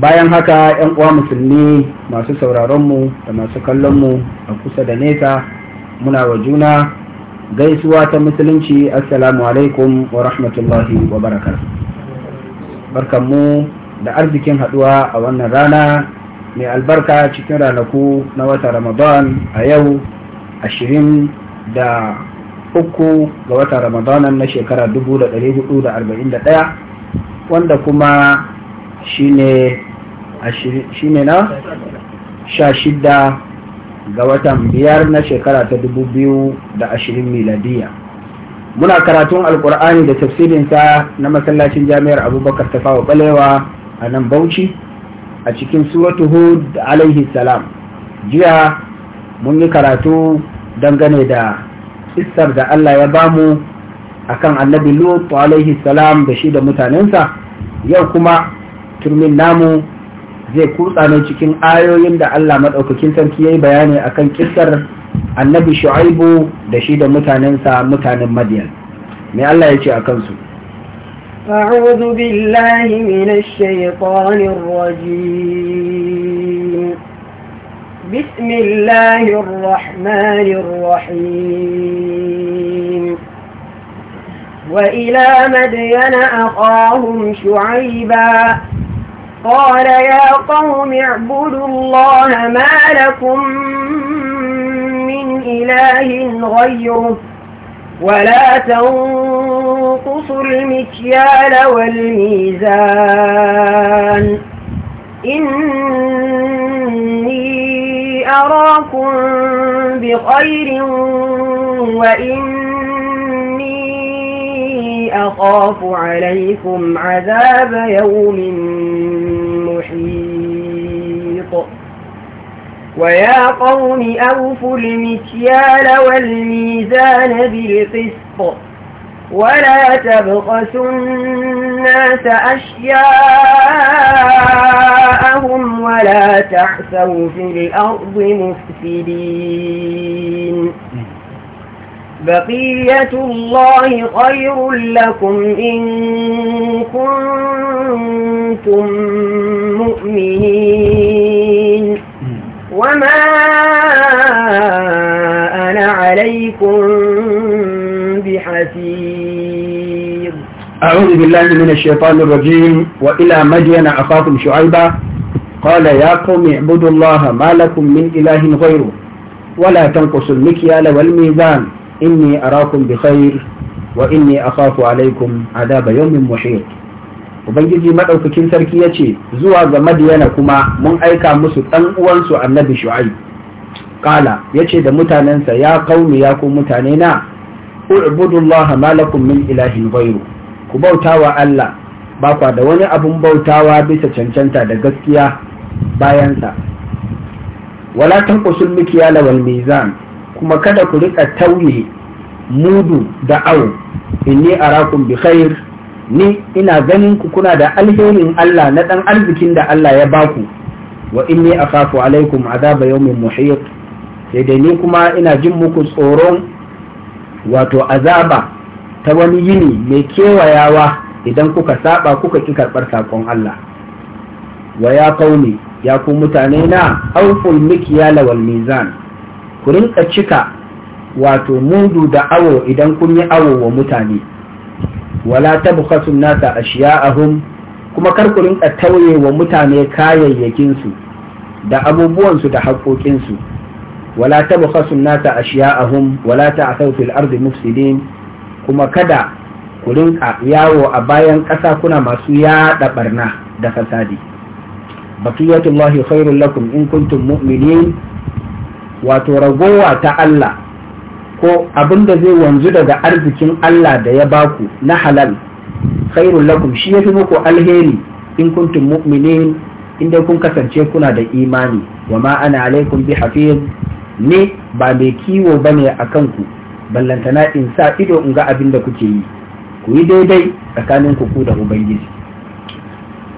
bayan haka 'yan uwa musulmi masu sauraronmu da masu kallonmu a kusa da nesa muna wa juna gaisuwa ta musulunci assalamu alaikum wa rahmatullahi wa barakar barkanmu da arzikin haduwa a wannan rana mai albarka cikin ranaku na wata ramadan a yau ashirin da uku ga wata Ramadan na shekara 1441 wanda kuma shine shi ne na sha shida ga watan biyar na shekara ta dubu biyu da ashirin miladiya muna karatun alkur'ani da tafsirinsa na masallacin jami'ar abubakar tafawa balewa a nan bauchi a cikin suratu hud alaihi salam jiya mun yi karatu dangane da istar da allah ya bamu akan annabi lut alaihi salam da shi da mutanensa yau kuma turmin namu zai kutsa cikin ayoyin da Allah maɗaukakin sarki ya yi bayani a kan ƙisar annabi shu'aibu da shi da mutanensa mutanen madiyan mai Allah ya ce a kansu أعوذ بالله من الشيطان الرجيم بسم الله الرحمن الرحيم وإلى مدين أخاهم شعيباً قال يا قوم اعبدوا الله ما لكم من إله غيره ولا تنقصوا المكيال والميزان إني أراكم بخير وإني أخاف عليكم عذاب يوم المحيط ويا قوم أوفوا المكيال والميزان بالقسط ولا تبخسوا الناس أشياءهم ولا تعثوا في الأرض مفسدين بقية الله خير لكم إن كنتم مؤمنين وما أنا عليكم بحفيظ أعوذ بالله من الشيطان الرجيم وإلى مدين أخاكم شعيبا قال يا قوم اعبدوا الله ما لكم من إله غيره ولا تنقصوا المكيال والميزان inni arakum bi khair wa inni akhafu alaikum adaba yawmin muhit ubangiji madaukakin sarki yace zuwa da yana kuma mun aika musu ɗan uwansu annabi shu'aib kala yace da mutanensa ya kaumi ya ku mutane na u'budullaha ma min ilahin bairu. ku bautawa Allah bakwa da wani abun bautawa bisa cancanta da gaskiya bayansa wala tanqusul mikyala wal mizan kuma kada ku rika tauye mudu da awo, inni arakum bi khair ni ina ganin ku kuna da alherin Allah na dan arzikin da Allah ya baku wa inni akhafu alaikum azaba yawmin muhit sai dai ni kuma ina jin muku tsoron wato azaba ta wani yini mai kewayawa idan kuka saba kuka ki karbar sakon Allah wa ya kauni ya ku mutane na auful mikyala wal mizan ku rinka cika wato mudu da awo idan kun yi awo wa mutane wala tabkhasu nasa ashiya'ahum kuma kar ku rinka tauye wa mutane kayayyakin su da abubuwan su da haƙoƙin su wala tabkhasu nasa ashiya'ahum wala a fil ardi mufsidin kuma kada ku rinka yawo a bayan ƙasa kuna masu yaɗa barna da fasadi bakiyatullahi khairul lakum in kuntum mu'minin wato ragowa ta Allah ko abin da zai wanzu daga arzikin Allah da ya baku na halal khairul lakum shi yafi muku alheri in kuntum mu'minin inda kun kasance kuna da imani wa ma ana alaikum bi hafiz ne ba mai kiwo bane akan ku ballantana in sa ido in ga abin da kuke yi ku yi daidai tsakanin ku da ubangiji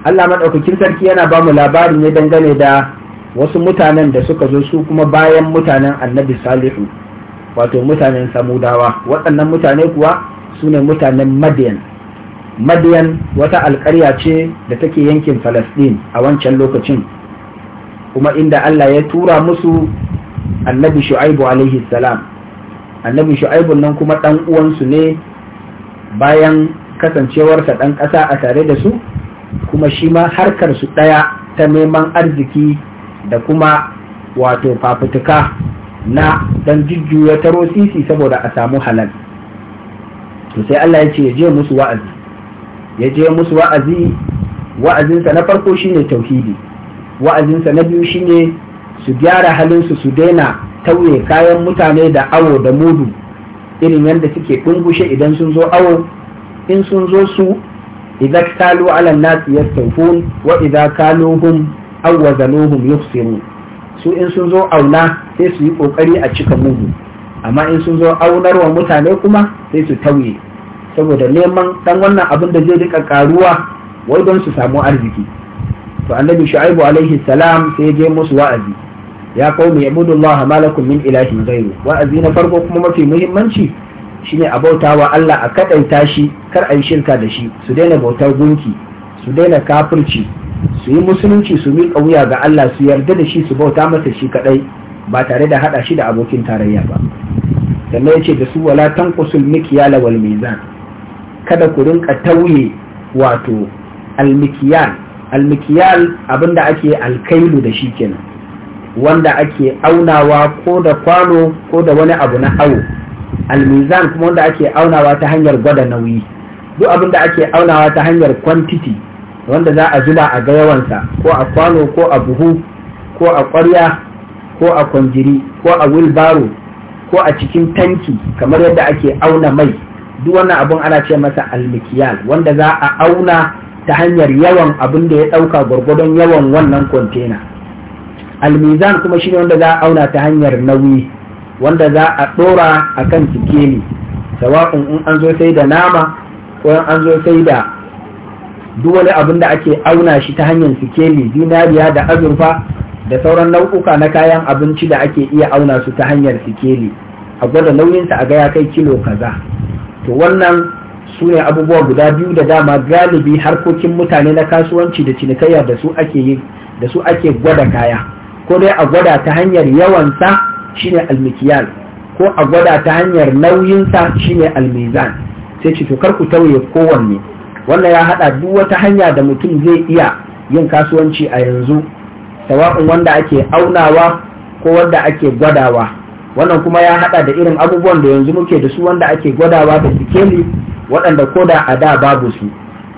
Allah madaukakin sarki yana ba mu labarin ne dangane da wasu mutanen da suka zo su kuma bayan mutanen annabi salihu wato mutanen samudawa waɗannan mutane kuwa su ne mutanen madiyan madiyan wata alƙarya ce da take yankin falasɗin a wancan lokacin kuma inda allah ya tura musu annabi shu'aibu alaihi salam annabi Shu'aibu nan kuma ɗan uwansu ne bayan kasancewarsa ɗan ƙasa a tare da su kuma shi ma harkar su ɗaya ta neman arziki da kuma wato fafutuka na dan jujjuya taro sisi saboda a samu halal to sai Allah ya ce ya je musu wa'azi ya je musu wa'azi wa'azinsa na farko shine tauhidi wa'azinsa na biyu shine su gyara halinsu su daina tauye kayan mutane da awo da mudu irin yadda suke ɗungushe idan sun zo awo in sun zo su idza kalu ala nas yastawfun wa idza kaluhum aw wazanuhum yukhsirun su in sun zo auna sai su yi kokari a cika mudu amma in sun zo aunarwa mutane kuma sai su tauye saboda neman dan wannan abin da zai rika karuwa wai don su samu arziki to annabi shu'aibu alaihi salam sai je musu wa'azi ya qaumi ibudullah ma lakum min ilahin ghayru wa'azi na farko kuma mafi muhimmanci shine a bautawa Allah a kadaita shi kar a yi shirka da shi su daina bautar gunki su daina kafirci su yi musulunci su miƙa wuya ga Allah su yarda da shi su bauta masa shi kadai ba tare da hada shi da abokin tarayya ba sannan yace da su wala tanqusul mikyala wal mizan kada ku rinka tauye wato almikiyal almikiyal abinda ake alkailu da shi kenan wanda ake aunawa ko da kwano ko da wani abu na awo al-mizan kuma wanda ake aunawa ta hanyar gwada nauyi duk abinda ake aunawa ta hanyar quantity wanda za a zuba a ga yawansa ko a kwano ko a buhu ko a ƙwarya ko a kwanjiri ko a wilbaro ko a cikin tanki kamar yadda ake auna mai duk wannan abun ana ce masa almikiyal wanda za a auna ta hanyar yawan abin da ya ɗauka gwargwadon yawan wannan kontena, almizan kuma shine wanda za a auna ta hanyar nauyi wanda za a ɗora a kan sikeli sawa'un in an zo sai da nama ko in an zo sai da duk wani abin da ake auna shi ta hanyar sikeli zinariya da azurfa da sauran nau'uka na kayan abinci da ake iya auna su ta hanyar sikeli a gwada nauyinsa a ga ya kai kilo kaza to wannan su ne abubuwa guda biyu da dama galibi harkokin mutane na kasuwanci da cinikayya da su ake yi da su ake gwada kaya ko dai a gwada ta hanyar yawan sa shine almikiyal ko a gwada ta hanyar nauyinsa shine almizan sai ce to kar ku tauye kowanne wannan ya haɗa duk wata hanya da mutum zai iya yin kasuwanci a yanzu sawa'un wanda ake aunawa ko wanda ake gwadawa wannan kuma ya haɗa da irin abubuwan da yanzu muke da su wanda ake gwadawa da sikeli waɗanda koda a da babu su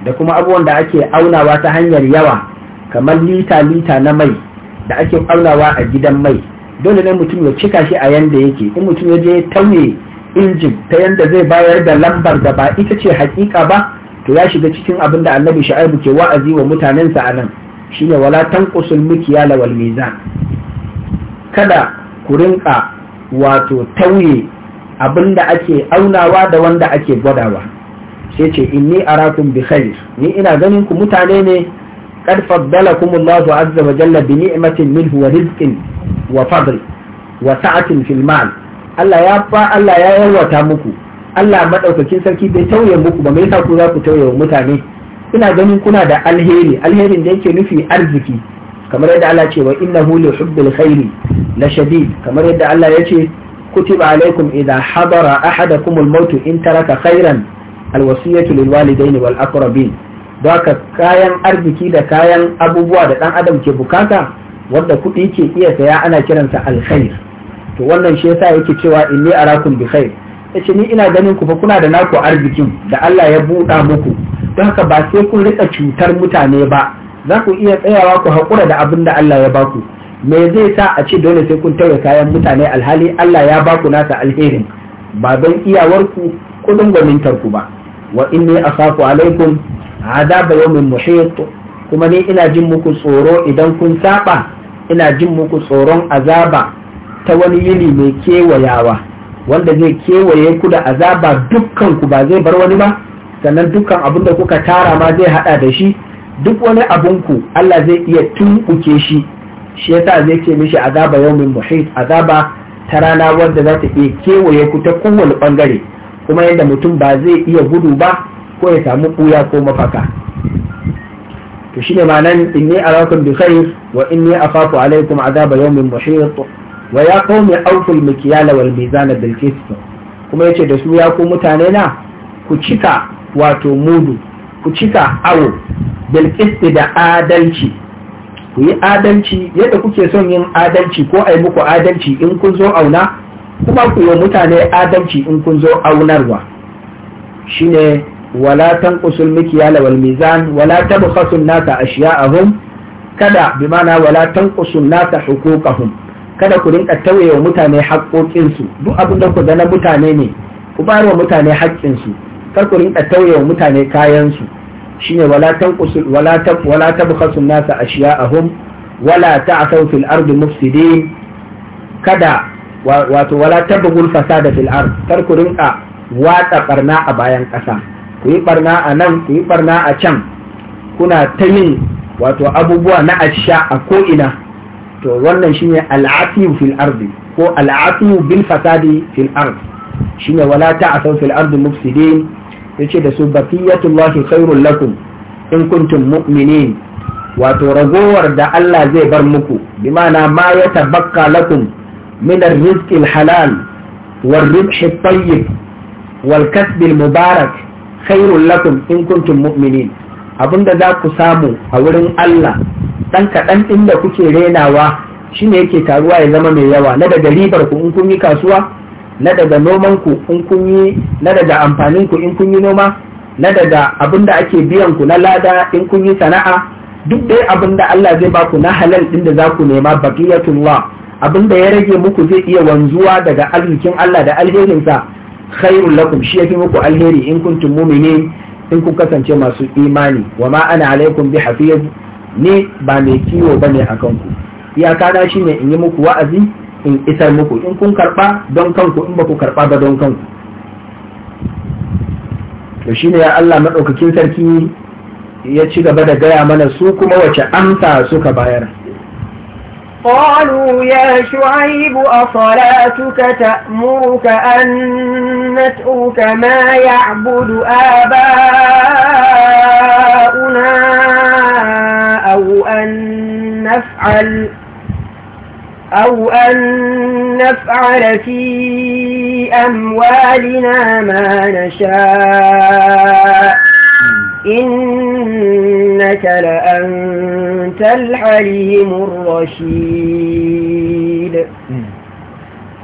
da kuma abubuwan da ake aunawa ta hanyar yawa kamar lita-lita na mai da ake aunawa a gidan mai dole ne mutum ya cika shi a yanda yake in mutum ya je tauye injin ta yanda zai bayar da lambar da ba ita ce hakika ba to ya shiga cikin abin da annabi shu'aibu ke wa'azi wa mutanensa a nan shine wala tanqusul mikyala wal mizan kada ku rinka wato tauye abin da ake aunawa da wanda ake gwadawa sai ce inni arakum bi khair ni ina ganin ku mutane ne qad faddalakum Allahu azza wa jalla bi ni'matin minhu wa rizqin wa fadl wa sa'atin fil mal Allah ya fa Allah ya yarwata muku Allah maɗaukakin sarki bai tauye muku ba me yasa ku za ku tauye mutane ina ganin kuna da alheri alherin da yake nufi arziki kamar yadda Allah ce wa innahu huli hubbil khairi la shadid kamar yadda Allah ya ce kutiba alaikum idha hadara ahadakum al-maut in taraka khairan alwasiyatu lil walidaini wal aqrabin haka kayan arziki da kayan abubuwa da dan adam ke bukata wanda kuɗi ke iya saya ana kiransa alkhair to wannan shi yasa yake cewa inni arakum bi khair ce ni ina ganin ku fa kuna da naku arzikin da Allah ya buɗa muku don haka ba sai kun rika cutar mutane ba za ku iya tsayawa ku haƙura da abin da Allah ya baku me zai sa a ce dole sai kun tauye kayan mutane alhali Allah ya baku nasa alherin ba don iyawarku ko don ku ba wa inni asafu alaikum azaba yawmin muhit kuma ni ina jin muku tsoro idan kun saba ina jin muku tsoron azaba ta wani yini mai kewayawa wanda zai kewaye ku da azaba dukkan ku ba zai bar wani ba sannan dukkan abin da kuka tara ma zai hada da shi duk wani abun ku Allah zai iya tunkuke shi shi yasa zai ce mishi azaba yawmin muhit azaba ta rana wanda za ta iya kewaye ku ta kowane bangare kuma yadda mutum ba zai iya gudu ba ko ya samu kuya ko mafaka to shine nan, inni arakum bi khair wa inni akhafu alaikum azaba yawmin muhit wa ya qaumi aukul mikiyala wal mizana bil qist kuma yace da su ya ku mutane na ku cika wato mudu ku cika awo bil da adalci ku yi adalci yadda kuke son yin adalci ko ai muku adalci in kun zo auna kuma ku yi mutane adalci in kun zo aunarwa shine wala tanqusul mikyala wal mizan wala tabkhasu an-nasa ashya'ahum kada bimana wala tanqusu an-nasa huquqahum kada ku rinka tauye wa mutane haƙoƙinsu duk abin da ku ga na mutane ne ku bayar wa mutane haƙƙinsu kar ku rinka tauye wa mutane kayansu shine wala tanqusul wala tab wala tabkhasu nasa ashiya'ahum wala ta'thaw fil ardi mufsidin kada wato wala tabghul fasada fil ard kar ku rinka watsa barna a bayan ƙasa ku yi barna a nan ku yi barna a can kuna ta yin wato abubuwa na asha a ko'ina to wannan shine al'atiyu fil ardi ko al'atiyu bil fasadi fil ardi shine wala ta'asaw fil ardi mufsidin yace da su baqiyatullahi khairul lakum in kuntum mu'minin wato ragowar da Allah zai bar muku bi ma'ana ma ya tabakka lakum min rizq al-halal war-ribh tayyib wal-kasb mubarak khairul lakum in kuntum mu'minin abinda za ku samu a wurin Allah ɗan kaɗan ɗin da kuke renawa ne yake taruwa ya zama mai yawa na daga ribar ku in kun yi kasuwa na daga noman ku in kun yi na daga amfanin ku in kun yi noma na daga abin da ake biyan ku na lada in kun yi sana'a duk dai abin da Allah zai ba ku na halal ɗin da za ku nema baqiyatullah abin da ya rage muku zai iya wanzuwa daga arzikin Allah da alherin sa khairul lakum shi yake muku alheri in kuntum mu'minin in kun kasance masu imani wa ma ana alaikum bi hafiz ni ba mai kiwo ba ne a kanku iyakana shi ne in yi muku wa'azi in isar muku in kun karɓa don kanku in ba ku karɓa ba don kanku to shi ne ya Allah maɗaukakin sarki ya ci gaba da gaya mana su kuma wace amsa suka bayar قالوا يا شعيب أصلاتك تأمرك أن نترك ما يعبد آباؤنا أو أن نفعل أو أن نفعل في أموالنا ما نشاء إنك لأنت الحليم الرشيد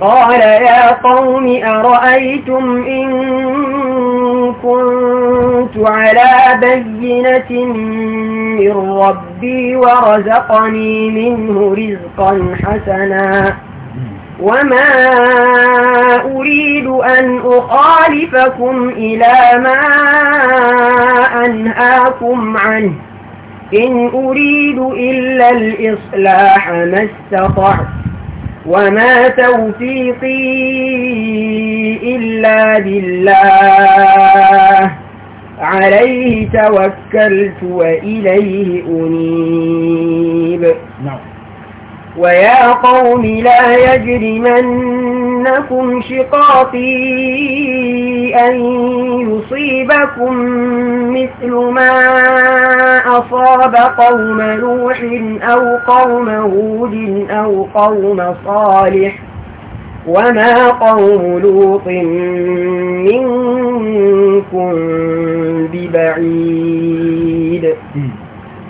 قال يا قوم أرأيتم إن كنت على بينة من ربي ورزقني منه رزقا حسنا وما أريد أن أخالفكم إلى ما أنهاكم عنه إن أريد إلا الإصلاح ما استطعت وما توفيقي إلا بالله عليه توكلت وإليه أنيب نعم ويا قوم لا يجرمنكم شقاقي أن يصيبكم مثل ما أصاب قوم نوح أو قوم هود أو قوم صالح وما قوم لوط منكم ببعيد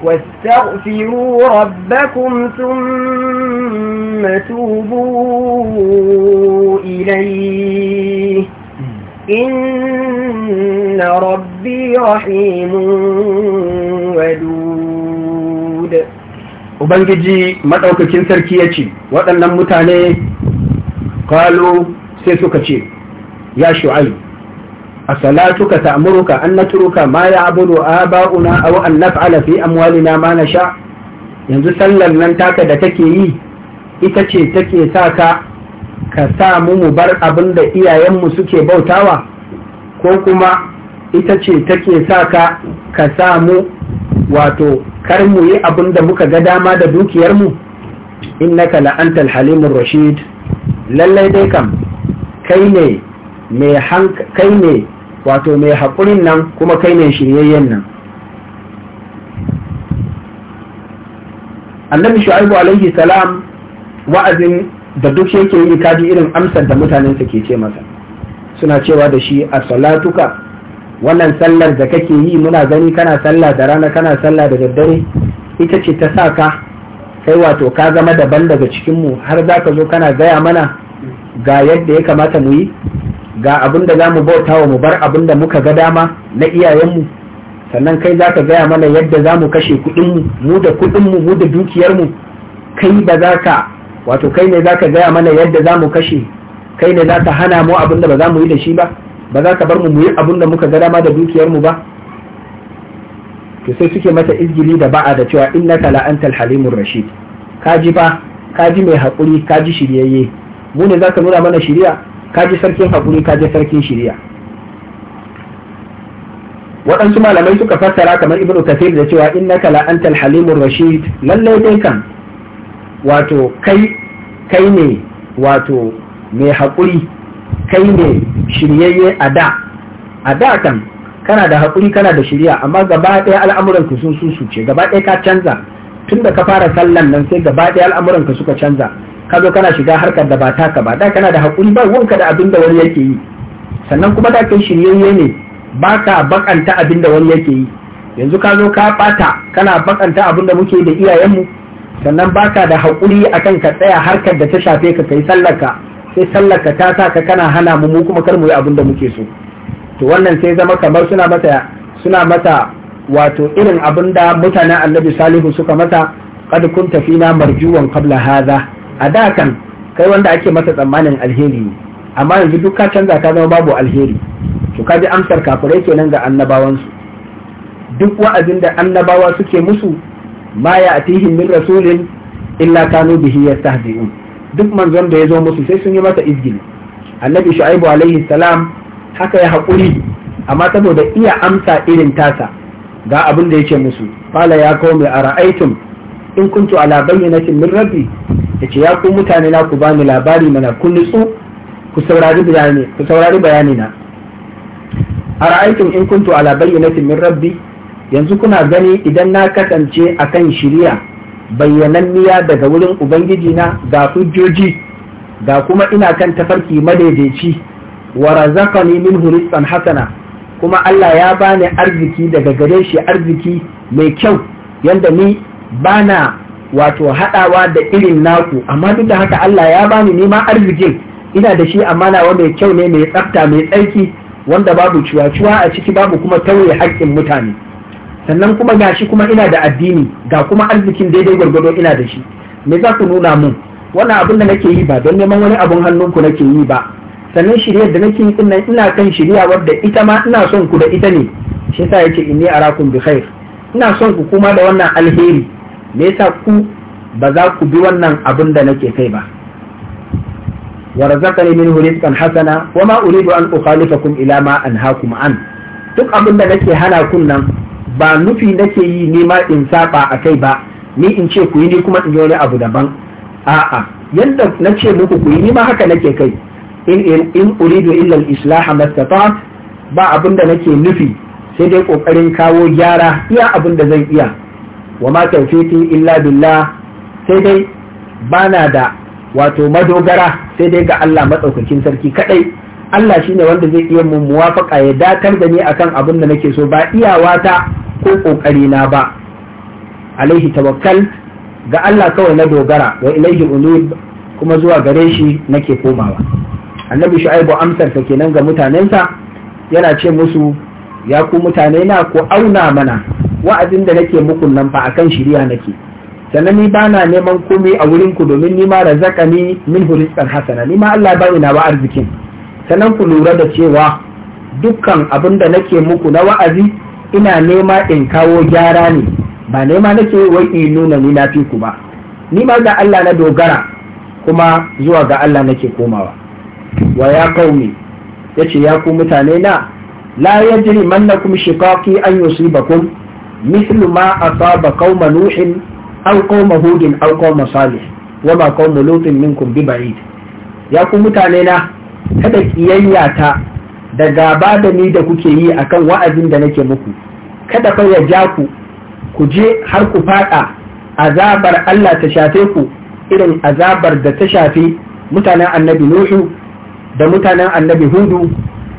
واستغفروا ربكم ثم توبوا إليه إن ربي رحيم ودود Ubangiji maɗaukakin sarki ya ce, waɗannan mutane ƙalo sai suka ce, Ya shu'ayi, أصلاتك تأمرك أن نترك ما يعبد آباؤنا أو أن نفعل في أموالنا ما نشاء yanzu sallar nan taka da take yi ita ce take sa ka sa mu mu bar abin da iyayenmu suke bautawa ko kuma ita ce take sa ka sa mu wato kar mu yi abin da muka ga dama da dukiyarmu innaka la'antal halimur rashid lallai dai kam kai ne mai kai ne wato mai haƙurin nan kuma kai mai shiryayyen nan annabi shu'aibu alaihi salam wa'azin da duk yake yi kaji irin amsar da mutanen mutanensa ke ce masa suna cewa da shi a salatuka wannan sallar da kake yi muna gani kana sallah da rana kana sallah da daddare ita ce ta sa ka kai wato ka zama daban daga cikinmu har za ka zo kana gaya mana ga yadda ya kamata mu yi ga abin da za mu bauta wa mu bar abin da muka ga dama na iyayenmu sannan kai za ka gaya mana yadda za mu kashe kuɗinmu mu da kuɗinmu mu da dukiyarmu kai ba za ka wato kai ne za ka gaya mana yadda za mu kashe kai ne za ka hana mu abin da ba za mu yi da shi ba ba za ka bar mu muyi yi abin da muka ga dama da dukiyarmu ba to sai suke mata izgili da ba'a da cewa innaka la antal halimur rashid ka ji ba, ka ji mai haƙuri ka ji shiryayye mu ne za ka nuna mana shiriya ka ji sarkin hakuri ka ji sarkin shirya waɗansu malamai suka fassara kamar ibn kafir da cewa inna la la'antar halimur rashid lallai dai kan wato kai kai ne wato mai haƙuri kai ne shiryayye a da a da kan kana da haƙuri kana da shirya amma gaba ɗaya al'amuranka sun susuce gaba ɗaya ka canza tun da ka fara sallan nan sai gaba ɗaya al'amuranka suka canza ka zo kana shiga harkar da ba taka ba da kana da haƙuri ba wanka da abin da wani yake yi sannan kuma da kai shiryayye ne ba ka bakanta abin da wani yake yi yanzu ka zo ka bata kana bakanta abin da muke da iyayenmu sannan ba ka da haƙuri kan ka tsaya harkar da ta shafe ka kai sallaka sai sallaka ta sa ka kana hana mu mu kuma kar mu yi abin da muke so to wannan sai zama kamar suna mata suna mata wato irin abin da mutanen annabi salihu suka mata qad kunta fina marjuwan qabla hadha a da kan kai wanda ake masa tsammanin alheri ne amma yanzu duk ka canza ka zama babu alheri to ka ji amsar kafirai kenan ga annabawansu duk wa'azin da annabawa suke musu ma ya atihim min rasulin illa kanu bihi yastahzi'un duk manzon da ya zo musu sai sun yi masa izgili annabi shu'aibu alaihi salam haka ya haƙuri amma saboda iya amsa irin tasa ga abin da yake musu falo ya mai ara'aitum in kuntu ala bayyinatin min rabbi ce ya ku mutane na ku bani labari mana kun nutsu ku saurari bayani ku saurari bayani na ara'aytum in kuntu ala bayyinatin min rabbi yanzu kuna gani idan na kasance akan shirya bayyananniya daga wurin ubangiji na ga hujjoji ga kuma ina kan tafarki madaidaici wa razaqani min hurisan hasana kuma Allah ya bani arziki daga gare shi arziki mai kyau yanda ni bana wato haɗawa da irin naku amma duk da haka Allah ya bani nema arzikin ina da shi amma wa mai kyau ne mai tsafta mai tsarki wanda babu cuwa-cuwa a ciki babu kuma tauye haƙƙin mutane sannan kuma gashi kuma ina da addini ga kuma arzikin daidai gwargwado ina da shi me za ku nuna mun wannan abin da nake yi ba don neman wani abin hannunku nake yi ba sannan shiryar da nake yi dinnan ina kan shirya wadda ita ma ina son ku da ita ne shi yasa yace inni arakum bi khair ina son ku kuma da wannan alheri me yasa ku ba za ku bi wannan abin da nake kai ba razaqani minhu rizqan hasana ma uridu an ukhalifakum ila ma anhaakum an duk abin da nake hana kun nan ba nufi nake yi ni ma in saba akai ba ni in ce ku yi ni kuma in yi wani abu daban a'a yadda nace muku ku yi ni ma haka nake kai in in uridu illa al-islah mastata'at ba abin da nake nufi sai dai kokarin kawo gyara iya abin da zan iya wa ma tawfiqi illa billah sai dai ba na da wato madogara sai dai ga Allah matsaukakin sarki kadai Allah shine wanda zai iya mun muwafaka ya dakar da ni akan abin da nake so ba iyawata ko kokari na ba alaihi tawakkal ga Allah kawai na dogara wa ilaihi unib kuma zuwa gare shi nake komawa annabi shu'aibu amsarsa kenan ga mutanensa yana ce musu ya ku mutane na ku auna mana wa'azin da nake muku nan fa akan shirya nake sannan ni bana neman komai a wurin ku domin ni ma ni min hurisan hasana ni ma Allah ba ina ba arzikin sannan ku lura da cewa dukkan abin da nake muku na wa'azi ina nema in kawo gyara ne ba nema nake wai in nuna ni na ba ni ma ga Allah na dogara kuma zuwa ga Allah nake komawa wa ya kaumi yace ya ku mutane na لا yajrimannakum shiqaqi an yusibakum mithlu ma asaba qauma nuhin aw qauma hudin aw qauma salih wa ma qauma lutin minkum biba'id ya ku mutane na kada kiyayya ta da gaba da ni da kuke yi a kan wa'azin da nake muku kada fa ya ja ku ku je har ku fada azabar Allah ta shafe ku irin azabar da ta shafe mutanen annabi Nuhu da mutanen annabi Hudu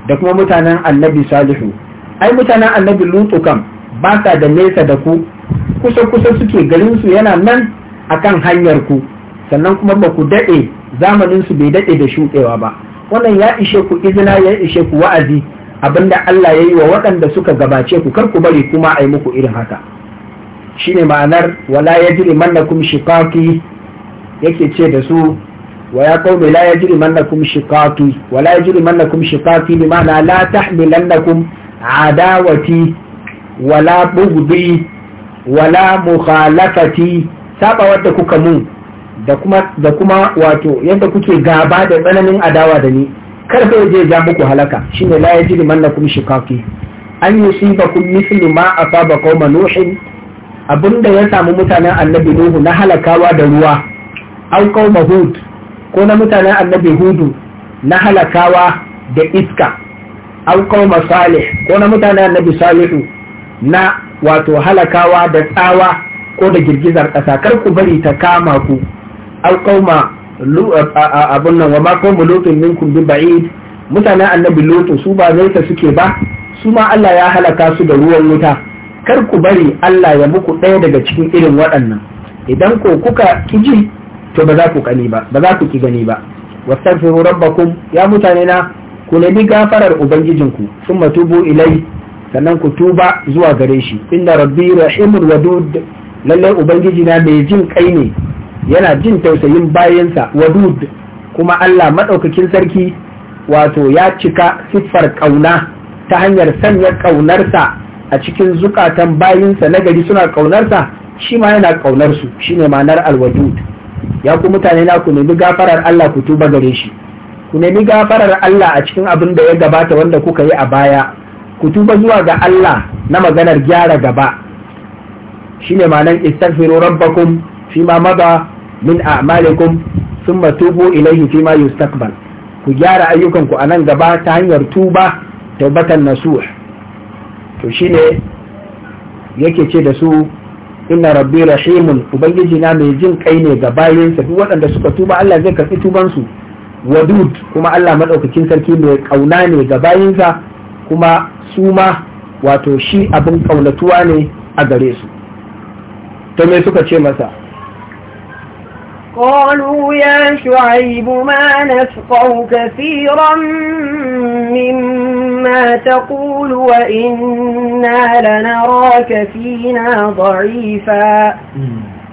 da kuma mutanen annabi salihu ai mutanen annabi lutu kam ba sa da nesa da ku kusa kusa suke garin su yana nan akan hanyar ku sannan kuma ba ku daɗe zamanin su bai daɗe da shuɗewa ba wannan ya ishe ku izina ya ishe ku wa'azi abinda Allah ya yi wa waɗanda suka gabace ku kar ku bari kuma a yi muku irin haka shine ma'anar wala ya yajri mannakum shiqaqi yake ce da su ويا قوم لا يجرمنكم شقاقي ولا يجرمنكم شقاقي بمعنى لا تحملنكم عداوتي ولا بغضي wala مخالفتي سابا wadda kuka mun da kuma wato yadda kuke gaba da tsananin adawa da ni kar fa je ja muku halaka shine la yajri mannakum shikaki an abinda ya samu mutanen annabi nuhu na halakawa da ruwa an kawo mahud ko na mutanen annabi hudu na halakawa da iska an kauma salih ko na mutanen annabi salihu na wato halakawa da tsawa ko da girgizar ƙasa kar ku bari ta kama ku an kauma abun nan wa ma ma lotin minkum bi ba'id mutanen annabi lutu su ba zai ta suke ba su ma Allah ya halaka su da ruwan wuta kar ku bari Allah ya muku ɗaya daga cikin irin waɗannan idan ko kuka ji. to ba za ku kani ba ba za ku ki gani ba wastaghfiru rabbakum ya mutane na ku nemi gafarar ubangijin ku sun tubu ilai sannan ku tuba zuwa gare shi inda rabbi rahimul wadud lalle ubangiji na mai jin kai ne yana jin tausayin bayansa wadud kuma Allah madaukakin sarki wato ya cika siffar kauna ta hanyar sanya kaunarsa a cikin zukatan bayinsa na gari suna kaunarsa shi ma yana kaunar su shine ma'anar alwadud ya ku mutane na ku nemi gafarar Allah ku tuba gare shi ku nemi gafarar Allah a cikin abin da ya gabata wanda kuka yi a baya ku tuba zuwa ga Allah na maganar gyara gaba Shi ne ma'anar istaghfiru rabbakum fi ma mada min a'malikum thumma tubu ilayhi fi ma yustaqbal ku gyara ayyukanku a nan gaba ta hanyar tuba taubatan nasuh to shine yake ce da su inna rabbi rahimun ubangiji na mai jin kai ne ga bayansa duk waɗanda suka tuba Allah zai karɓi tubansu wadud kuma Allah madaukakin sarki mai kauna ne ga bayansa kuma su ma wato shi abin kaunatuwa ne a gare su to me suka ce masa قالوا يا شعيب ما نفقه كثيرا ما تقول وإنا لنراك فينا ضعيفا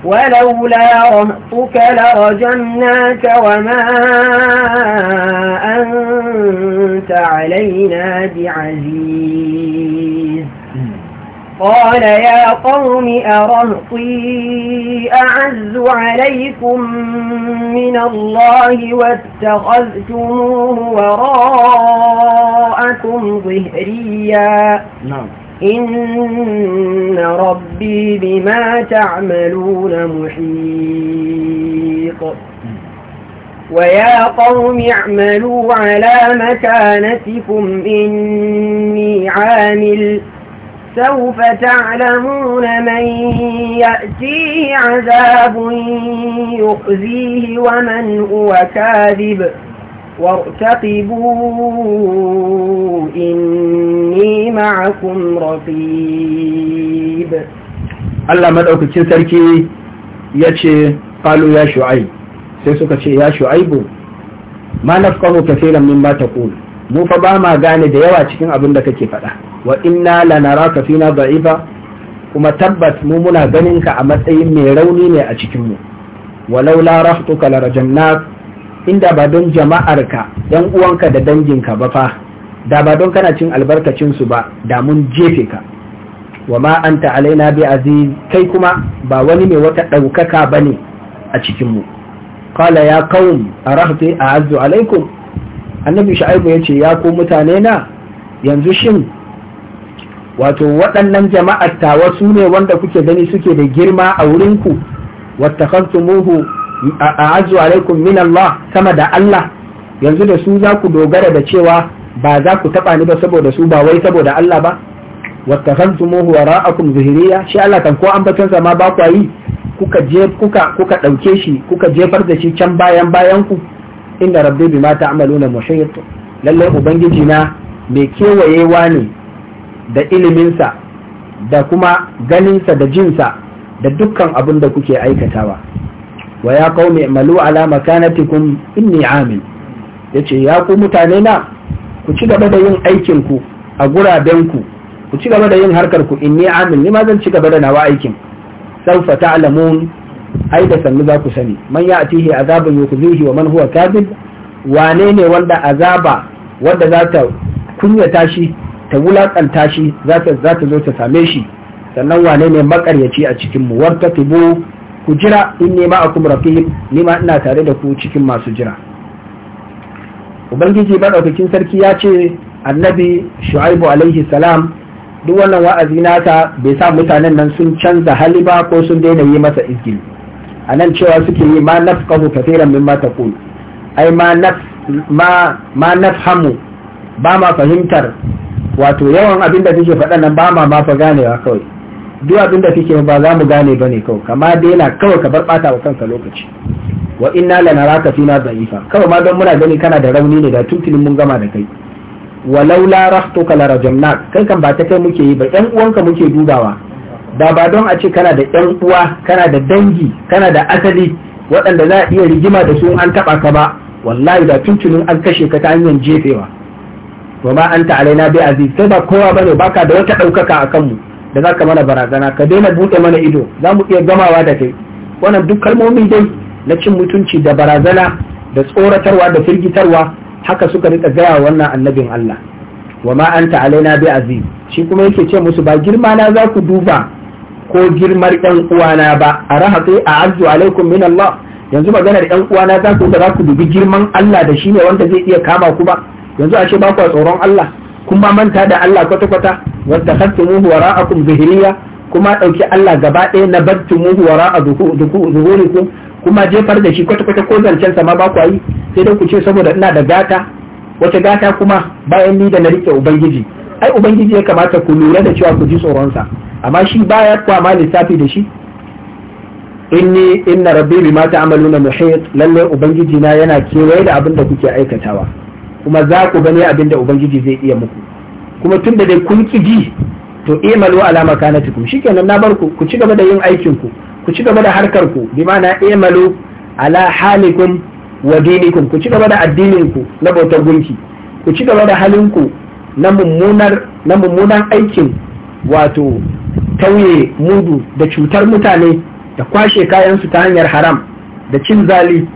ولولا رهطك لرجمناك وما أنت علينا بعزيز قال يا قوم أرهطي أعز عليكم من الله واتخذتموه وراءكم ظهريا نعم إن ربي بما تعملون محيط ويا قوم اعملوا على مكانتكم إني عامل فسوف تعلمون من يأتيه عذاب يخزيه ومن هو كاذب وارتقبوا إني معكم رقيب ألا مدعوك تنسلكي يأتي قالوا يا شعيب سيسوك يا شعيب ما نفقه كثيرا مما تقول mu fa ba ma gane da yawa cikin abin da kake faɗa wa inna naraka fina da'ifa kuma tabbas mu muna ganin ka a matsayin mai rauni ne a cikin mu walau la rahtuka larajamnak inda ba don jama'ar jama'arka yan uwanka da danginka ba fa da ba don kana cin albarkacin su ba da mun jefe ka wa ma anta alaina bi aziz kai kuma ba wani mai wata ɗaukaka bane a cikin mu qala ya qaum arahti a'azzu alaikum annabi sha'ibu ya ce ya ko mutane na yanzu shin wato waɗannan jama'ar ta wasu ne wanda kuke gani suke da girma a wurinku wattakhaztumuhu a'azzu alaikum min Allah sama da Allah yanzu da su za ku dogara da cewa ba za ku taba ni ba saboda su ba wai saboda Allah ba wa ra'akum zuhiriya shi Allah kan ko ambaton sa ma ba ku yi kuka je kuka kuka dauke shi kuka jefar da shi can bayan bayan ku inda rabbi bi ma ta'maluna muhit lalle ubangiji na mai kewayewa ne da iliminsa da kuma ganinsa da jinsa da dukkan abin da kuke aikatawa wa ya qaumi malu ala makanatikum inni amil yace ya ku mutane na ku ci gaba da yin aikin ku a guraben ku ku ci gaba da yin harkar ku inni amil ni ma zan ci gaba da nawa aikin sawfa ta'lamun ai da sannu za ku sani man ya atihi azabun yukhzihi wa man huwa kadhib wane ne wanda azaba wanda za ta kunyata shi ta wulakanta shi za ta za ta zo ta same shi sannan wane ne makaryaci a cikin mu wartatibu ku jira in ne ma'akum raqib ni ma ina tare da ku cikin masu jira ubangiji madaukakin sarki ya ce annabi shu'aibu alaihi salam duk wannan wa'azi nata bai sa mutanen nan sun canza hali ba ko sun daina yi masa izgili a nan cewa suke yi ma nafqahu kaseeran mimma taqul ai ma naf ma ma nafhamu ba ma fahimtar wato yawan abin da kike faɗa nan ba ma ma fa ganewa kawai duk abin da kike ba za mu gane bane kawai kama na kawai ka bar bata wa kanka lokaci wa inna lanaraka fina da'ifa kawai ma dan muna gani kana da rauni ne da tuntunin mun gama da kai wa laula rahtuka la kai kan ba ta kai muke yi ba ɗan uwanka muke dubawa da ba don a ce kana da yan uwa kana da dangi kana da asali waɗanda za a iya rigima da su an taɓa ka ba wallahi da tuntunin an kashe ka ta hanyar jefewa ba ma anta alaina bai aziz kai ba kowa bane baka da wata ɗaukaka a kanmu da za ka mana barazana ka daina buɗe mana ido za mu iya gamawa da kai wannan duk kalmomi dai na cin mutunci da barazana da tsoratarwa da firgitarwa haka suka rika gaya wannan annabin Allah wa ma anta alaina bi aziz shi kuma yake ce musu ba girma na za ku duba ko girmar ɗan uwana ba a rahatu a arzu alaikum min Allah yanzu maganar ɗan uwana za ku za ku dubi girman Allah da shine wanda zai iya kama ku ba yanzu ashe ba ku tsoron Allah kun manta da Allah kwata kwata wanda khattumuhu wara'akum zahiriya kuma ɗauki Allah gaba ɗaya na battumuhu wara'a zuhurikum kuma jefar da shi kwata kwata ko zancen sa ma ba ku yi sai dai ku ce saboda ina da gata wata gata kuma bayan ni da na rike ubangiji ai ubangiji ya kamata ku lura da cewa ku ji tsoron sa amma shi baya kwama lissafi da shi inni inna rabbi bima ta'maluna muhit lalle ubangiji na yana kewaye da abin da kuke aikatawa kuma za ku gani abin da ubangiji zai iya muku kuma tun da dai kun ji to imalu ala makanatikum shikenan na barku, ku ku ci gaba da yin aikin ku ku ci gaba da harkar ku bi ma'ana imalu ala halikum wa dinikum ku ci gaba da addinin ku na bautar gunki ku ci gaba da halin ku na mummunar na mummunan aikin wato tauye mudu da cutar mutane da kwashe kayansu ta hanyar haram da cin zali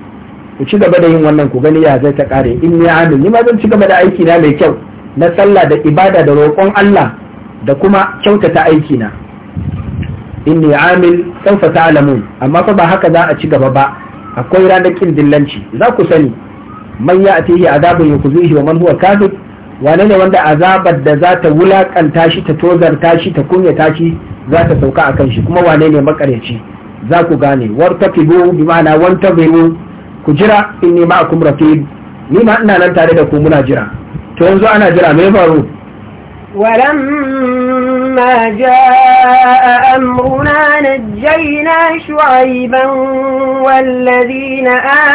ku ci gaba da yin wannan ku gani ya zai ta kare in ni amin ni ma zan ci gaba da aiki na mai kyau na sallah da ibada da roƙon Allah da kuma kyautata aiki na inni amil sawfa ta'lamun amma fa ba haka za a ci gaba ba akwai ranar kin dillanci za ku sani man ya'tihi adabun yukhzihi wa man huwa kadhib wane ne wanda azabar da za ta wulaƙanta shi ta tozarta shi ta kunyata shi za ta sauka a kan shi kuma wane ne makaryaci za ku gane wartaqibu bi ma'ana wantabiru ku jira inni ma'akum raqib ni ma ina nan tare da ku muna jira to yanzu ana jira me faru ولما جاء أمرنا نجينا شعيبا والذين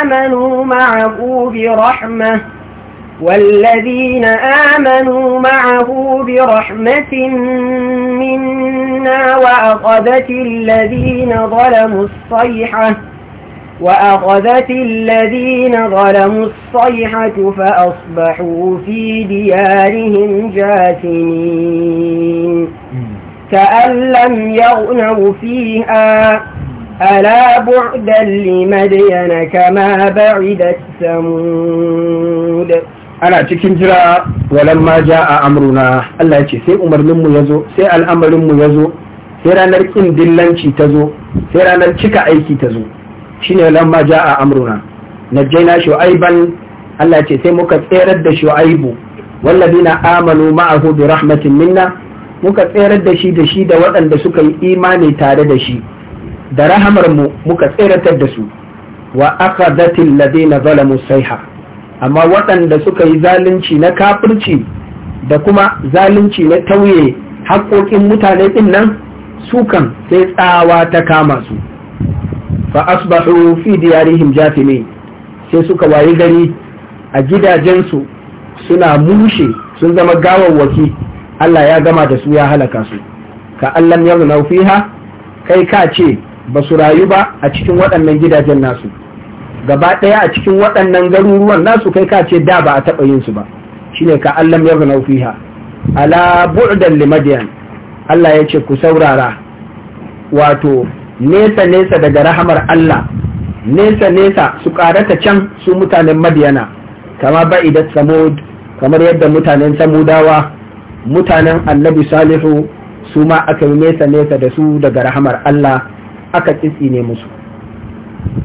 آمنوا معه برحمه والذين آمنوا معه برحمة منا وأخذت الذين ظلموا الصيحة وأخذت الذين ظلموا الصيحة فأصبحوا في ديارهم جاثمين كأن لم يغنوا فيها ألا بعدا لمدين كما بعدت ثمود ana cikin jira walan ma ja a amruna Allah ya ce sai umarninmu ya zo sai al'amarinmu ya zo sai ranar ƙin dillanci ta zo sai ranar cika aiki ta zo shine walan ma ja a amruna najjaina shu'aiban Allah ya ce sai muka tserar da shu'aibu walladina amanu ma'ahu bi rahmatin minna muka tserar da shi da shi da waɗanda suka yi imani tare da shi da rahamar mu muka tseratar da su wa aqadatil ladina zalamu sayha amma waɗanda suka yi zalunci na kafirci da kuma zalunci na tauye haƙoƙin mutane ɗin nan sukan sai tsawa ta kama su fa asbahu fi diyarihim ne, sai suka wayi gari a gidajensu suna mushe sun zama gawawwaki Allah ya gama da su ya halaka su ka allam ya fiha kai ka ce ba su rayu ba a cikin waɗannan gidajen nasu gaba ɗaya a cikin waɗannan garuruwan nasu kai ka ce da ba a taɓa yin su ba shine ka allam ya gana fiha ala bu'dan limadiyan Allah ya ce ku saurara wato nesa nesa daga rahamar Allah nesa nesa su karata can su mutanen madiyana kama ba'idat samud kamar yadda mutanen samudawa mutanen annabi salihu su ma aka yi nesa nesa da su daga rahamar Allah aka kitsi ne musu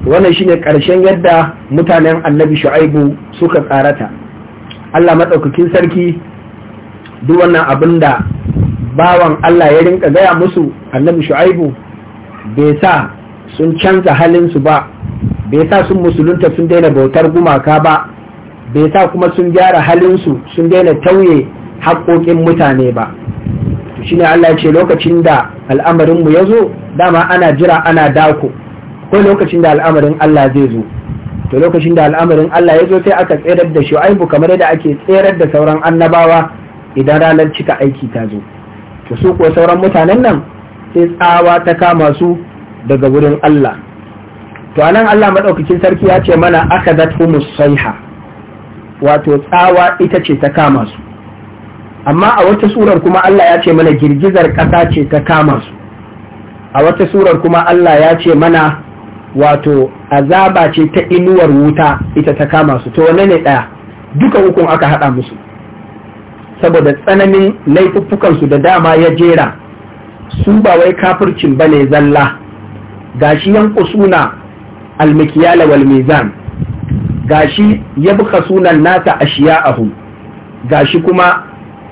wannan shine ƙarshen yadda mutanen annabi shu'aibu suka tsarata Allah matsaukakin sarki duk wannan abin da bawan Allah ya rinka gaya musu annabi shu'aibu bai sa sun canza halinsu ba bai sa sun musulunta sun daina bautar gumaka ba bai sa kuma sun gyara halinsu sun daina tauye haƙoƙin mutane ba shine Allah ya ce lokacin da al'amarinmu ya zo dama ana jira ana dako akwai lokacin da al'amarin Allah zai zo to lokacin da al'amarin Allah ya zo sai aka tserar da shi shu'aibu kamar yadda ake tserar da sauran annabawa idan ranar cika aiki ta zo to su ko sauran mutanen nan sai tsawa ta kama su daga wurin Allah to anan Allah madaukakin sarki ya ce mana akadat humus sayha wato tsawa ita ce ta kama su amma a wata surar kuma Allah ya ce mana girgizar ƙasa ce ta kama su a wata surar kuma Allah ya ce mana wato azaba ce ta inuwar wuta ita ta kama su to wannan ne ɗaya duka ukun aka haɗa musu saboda tsananin laifuffukansu da dama ya jera su ba wai kafircin bane zalla gashi kusuna almikiyala wal mizan gashi yabkhasuna nata nasa ashiya'ahum gashi kuma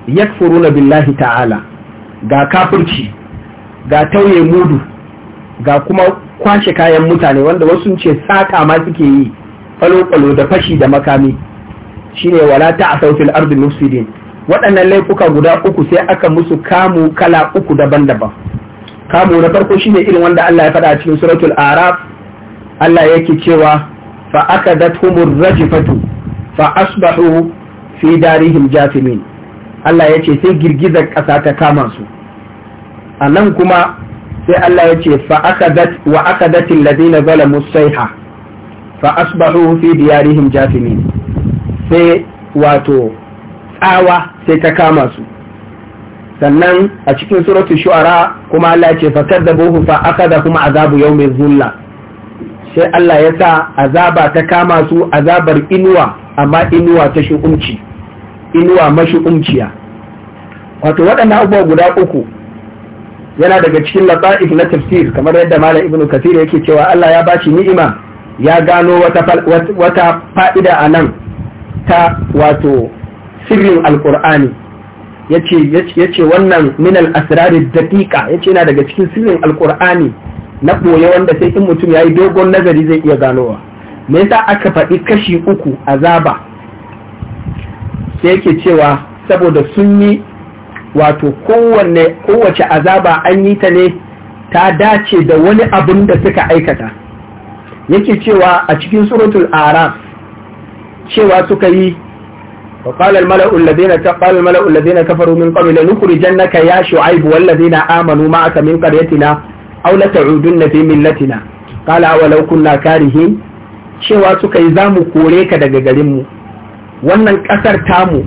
yakfuruna billahi ta'ala ga kafirci ga tauye mudu ga kuma kwashe kayan mutane wanda wasu ce sata ma suke yi falo-falo da fashi da makami shine wala ta a sautin ardi mufsidin waɗannan laifuka guda uku sai aka musu kamu kala uku daban-daban kamu na farko shine irin wanda Allah ya faɗa a cikin suratul araf Allah yake cewa fa aka raji rajifatu fa asbahu fi darihim jafimin Allah ya ce sai girgizar ƙasa ta kama su a nan kuma sai Allah ya ce fa akadat wa Ladina alladhina zalamu sayha fa asbahu fi diyarihim jafimin sai wato tsawa sai ta kama su sannan a cikin suratul shu'ara kuma Allah ya ce fa kadzabuhu fa kuma azabu yawmi zulla sai Allah ya sa azaba ta kama su azabar inuwa amma inuwa ta shu'umci inuwa wato waɗannan abubuwa guda uku yana daga cikin lata'if na tafsir kamar yadda malam ibnu kathir yake cewa Allah ya bashi ni'ima ya gano wata fa'ida a nan ta wato sirrin alkur'ani ya ce wannan minal asirari daƙiƙa ya ce yana daga cikin sirrin alkur'ani na ɓoye wanda sai in mutum ya yi dogon nazari zai iya ganowa me yasa aka faɗi kashi uku azaba sai yake cewa saboda sun yi wato kowanne kowace azaba an yi ta ne ta dace da wani abun da suka aikata yake cewa a cikin suratul araf cewa suka yi wa qala al mala'u alladhina taqala al mala'u alladhina kafaru min qabl la nukhrijannaka ya shu'aib amanu ma'aka min qaryatina aw la ta'udunna fi millatina qala aw law kunna karihin cewa suka yi zamu kore ka daga garin mu wannan kasar tamu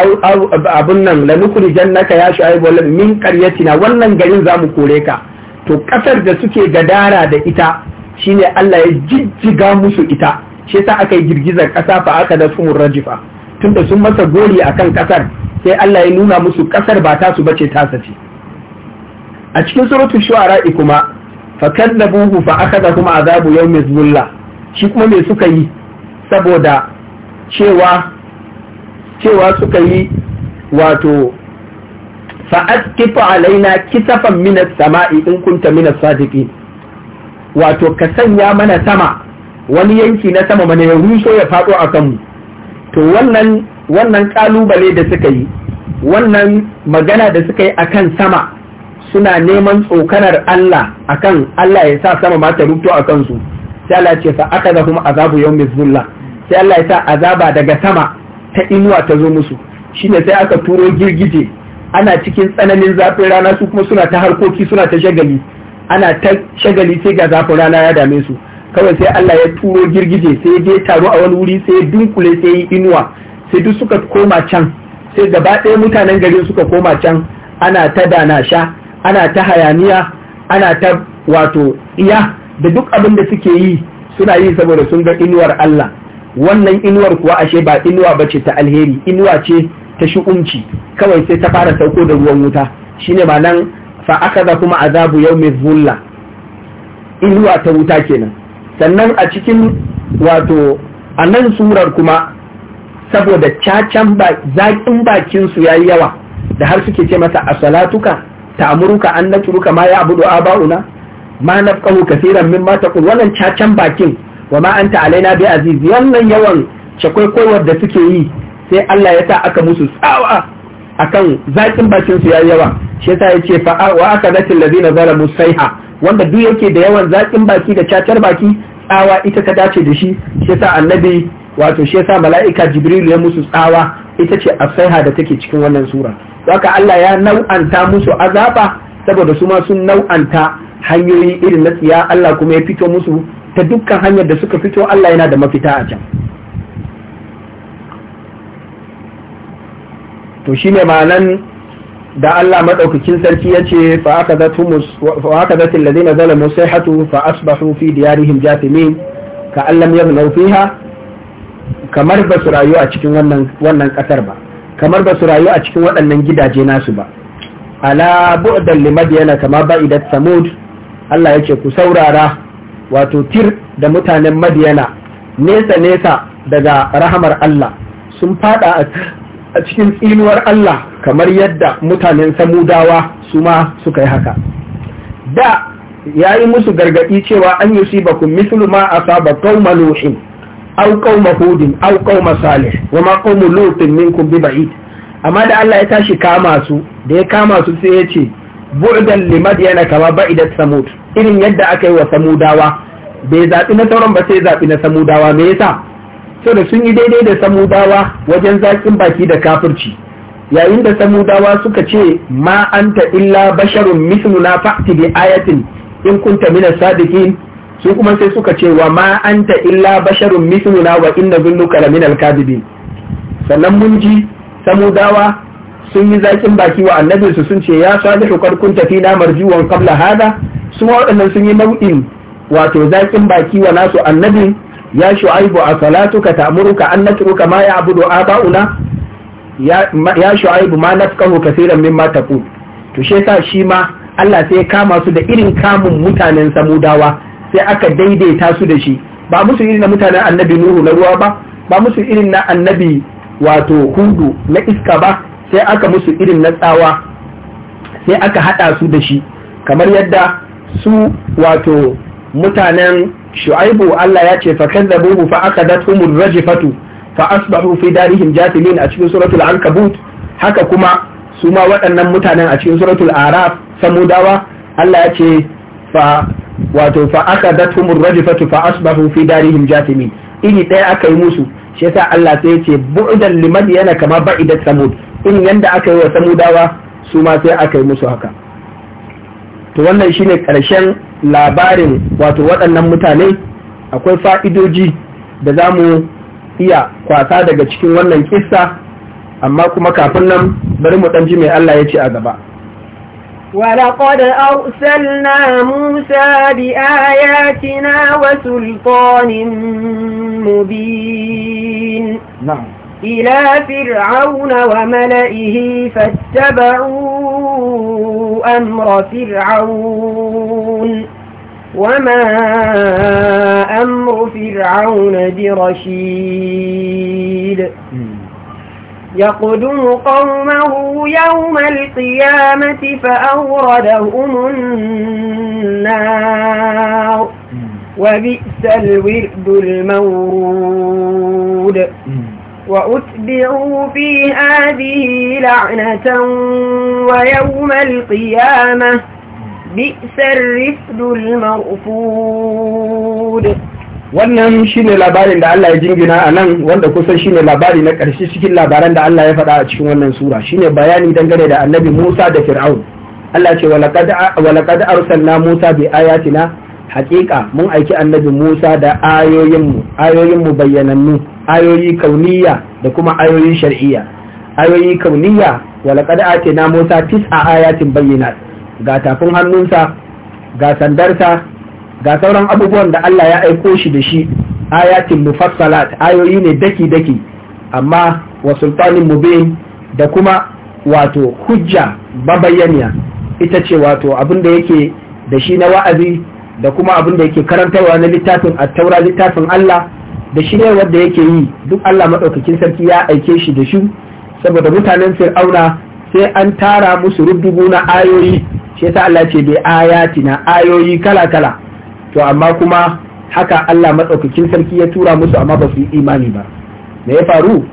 abun nan Lanukur jannaka ya shu'aib wal min qaryatina wannan garin zamu kore ka to kasar da suke gadara da ita shine Allah ya jijjiga musu ita shi yasa aka yi girgizar kasa fa aka da su rajifa tunda sun masa gori akan kasar sai Allah ya nuna musu kasar ba ta su bace ta sace a cikin suratul shu'ara kuma fa kallabuhu fa akadahum azabu yawmi zulla shi kuma me suka yi saboda cewa cewa suka yi wato fa'ad fa'askifu alaina kisafan minas sama'i in kunta minas sadiki wato ka sanya mana sama wani yanki na sama mana ya ruso ya faɗo a kanmu to wannan wannan kalubale da suka yi wannan magana da suka yi a kan sama suna neman tsokanar Allah a kan Allah ya sa sama ma ta rubuto a kansu sai Allah ce fa aka da kuma azabu yawmiz zulla sai Allah ya sa azaba daga sama ta inuwa ta zo musu shine sai aka turo girgije ana cikin tsananin zafin rana su kuma suna ta harkoki suna ta shagali ana ta shagali sai ga zafin rana ya dame su kawai sai Allah ya turo girgije sai ya je taro a wani wuri sai ya dunkule sai ya inuwa sai duk suka koma can sai gaba ɗaya mutanen garin suka koma can ana ta dana sha ana ta hayaniya ana ta wato iya da duk abin da suke yi suna yi saboda sun ga inuwar Allah wannan inuwar kuwa ashe ba inuwa ba ce ta alheri inuwa ce ta shi'umci kawai sai ta fara sauko da ruwan wuta shine ma nan fa za kuma azabu mai dhulla inuwa ta wuta kenan sannan a cikin wato a nan surar kuma saboda cacan zaƙin bakinsu ya yi yawa da har suke ce masa a salatuka ta amurka an na turuka ma ya abudu aba'una ma na kawo kasiran min mata wannan cacan bakin wa ma anta alaina bi aziz wannan yawan chakwaikwaiwar da suke yi sai Allah ya sa aka musu tsawa akan zakin bakin su yayi yawa shi yasa yace fa wa aka akadat allazina zalamu sayha wanda duk yake da yawan zakin baki da cacar baki tsawa ita ka dace da shi shi yasa annabi wato shi yasa mala'ika jibril ya musu tsawa ita ce asaiha da take cikin wannan sura haka Allah ya nau'anta musu azaba saboda su ma sun nau'anta hanyoyi irin na tsiya Allah kuma ya fito musu ta dukkan hanyar da suka fito Allah yana da mafita a can to shi ne ma'anan da Allah maɗaukakin sarki ya ce fa aka zatin lazina zalamu sai hatu fa su fi diyarihim jatimi ka allam yaghnau fiha kamar ba su rayu a cikin wannan ƙasar ba kamar ba su rayu a cikin waɗannan gidaje nasu ba ala bu'dan yana kama ba ba'idat samud Allah ya ce ku saurara wato tir da mutanen madiyana nesa nesa daga rahamar Allah sun fada a cikin tsinuwar Allah kamar yadda mutanen samudawa su ma suka yi haka da ya yi musu gargaɗi cewa an yi shi bakun mislu ma a saba kauma lushin au kauma hudin au kauma salih wa ma kaumu lutin minkum bi ba'id amma da Allah ya tashi kama su da ya kama su sai ya ce bu'dan li madyana kama idan samud irin yadda aka yi wa samudawa bai zaɓi na sauran ba sai zaɓi na samudawa me yasa so da sun yi daidai da samudawa wajen zaƙin baki da kafirci yayin da samudawa suka ce ma anta illa basharun mithluna fa'ti bi ayatin in kunta minas sadiqin su kuma sai suka ce wa ma anta illa basharun mithluna wa inna zunnuka laminal kadibin sannan mun ji samudawa sun yi zakin baki wa su sun ce ya salihu qad kunta fina marjuwan qabla hada su waɗannan sun yi nau'in wato zaƙin baki wa nasu annabi ya shu'aibu a salatuka ta'muruka an natruka ma ya'budu aba'una ya, ya shu'aibu ma nafqahu kaseeran mimma taqul to shi yasa shi ma Allah sai ya kama su da irin kamun mutanen samudawa sai aka daidaita su da shi ba musu irin na mutanen annabi nuhu na ruwa ba ba musu irin na annabi wato hudu na iska ba sai aka musu irin na tsawa sai aka haɗa su da shi kamar yadda su wato mutanen shu'aibu Allah ya ce fakazzabuhu fa akadathumur rajfatu fa asbahu fi darihim jathimin a cikin suratul ankabut haka kuma su ma waɗannan mutanen a cikin suratul araf samudawa Allah ya ce fa wato fa akadathumur rajfatu fa asbahu fi darihim jathimin iri ɗaya aka yi musu shi yasa Allah sai ya ce bu'dan liman yana kama ba'idat samud in yanda aka yi wa samudawa su ma sai aka yi musu haka to wannan shine ƙarshen labarin wato waɗannan mutane akwai fa'idoji da za mu iya kwasa daga cikin wannan kissa amma kuma kafin nan bari mu ɗanji mai Allah ya ce a gaba ولقد أرسلنا موسى بآياتنا وسلطان مبين نعم إلى فرعون وملئه فاتبعوا أمر فرعون وما أمر فرعون برشيد يقدم قومه يوم القيامة فأوردهم النار وبئس الورد المورود وأتبعوا في هذه لعنة ويوم القيامة بئس الرفد المرفود wannan shine labarin da Allah ya jingina a nan wanda kusan shine labari na ƙarshe cikin labaran da Allah ya faɗa a cikin wannan sura shine bayani dangane da annabi Musa da Fir'aun Allah ce walaqad arsalna Musa bi ayatina haƙiƙa mun aiki annabi Musa da ayoyinmu ayoyinmu bayyanannu ayoyi kauniya da kuma ayoyin shar'iyya ayoyi kauniya wa ce na Musa tis a ayatin bayyana ga tafin hannunsa ga sandarsa ga sauran abubuwan da Allah ya aiko shi da shi ayatin mufassalat ayoyi ne daki daki amma wa sultanin mubin da kuma wato hujja babayaniya ita ce wato abin da yake da shi na wa'azi da kuma abin da yake karantarwa na littafin attaura littafin Allah da shi ne wanda yake yi duk Allah maɗaukakin sarki ya aike shi da shi saboda mutanen fir'auna sai an tara musu rubdugu na ayoyi shi yasa Allah ce bai ayati na ayoyi kala kala to amma kuma haka Allah maɗaukakin sarki ya tura musu amma ba su yi imani ba me ya faru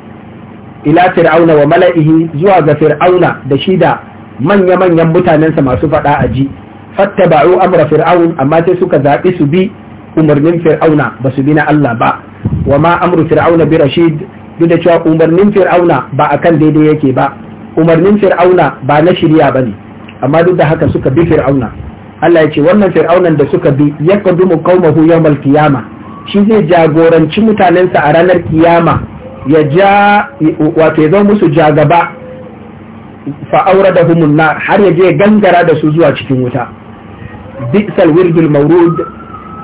ila fir'auna wa mala'ihi zuwa ga fir'auna da shi da manya manyan mutanensa masu faɗa a ji fattaba'u amra fir'aun amma sai suka zaɓi su bi umarnin fir'auna ba su bi na Allah ba wa ma amru fir'auna bi rashid duk da cewa umarnin fir'auna ba akan daidai yake ba umarnin fir'auna ba na shirya ba ne amma duk da haka suka bi fir'auna Allah ya ce wannan fir'aunan da suka bi ya kadumu qaumahu yawmal qiyama shi zai jagoranci mutanensa a ranar kiyama ya ja wato ya zo musu jagaba fa da humunna har ya je gangara da su zuwa cikin wuta bi'sal wirdul mawrud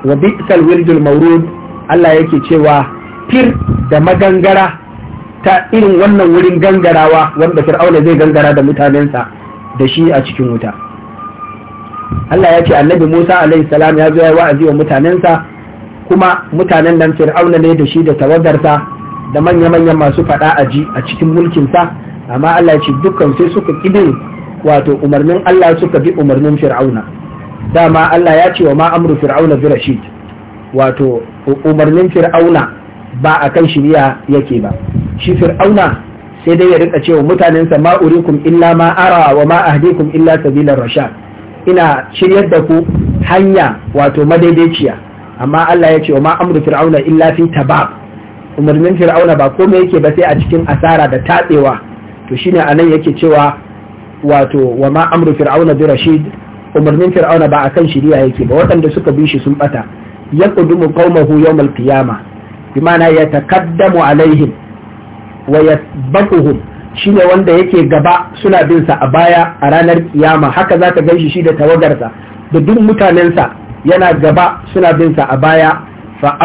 wa bi'sal wirdul mawrud Allah yake cewa fir da magangara ta irin wannan wurin gangarawa wanda fir'auna zai gangara da mutanensa da shi a cikin wuta Allah ya ce annabi Musa alaihi salam ya zo ya wa'azi wa mutanensa kuma mutanen nan fir'auna ne da shi da tawadarsa da manya-manyan masu faɗa a ji a cikin mulkinsa amma Allah ya ce dukkan sai suka kibin wato umarnin Allah suka bi umarnin fir'auna dama Allah ya ce wa ma amru fir'auna bi rashid wato umarnin fir'auna ba kan shiriya yake ba shi fir'auna sai dai ya rika cewa mutanensa ma urikum illa ma ara wa ma ahdikum illa sabilar rashad ina shiryar da ku hanya wato madaidaiciya amma Allah ya ce wa ma amru fir'auna illa fi tabab umarnin fir'auna ba komai yake ba sai a cikin asara da tatsewa to shine anan yake cewa wato wa ma amru fir'auna bi rashid umarnin fir'auna ba akan shiriya yake ba waɗanda suka bi shi sun bata yaqudumu qaumahu yawmal qiyama bimana yatakaddamu alaihim wa yasbaquhum shine wanda yake gaba suna bin sa a baya a ranar kiyama haka ta ganshi shi da tawagarsa da duk mutanensa yana gaba suna bin sa a baya fa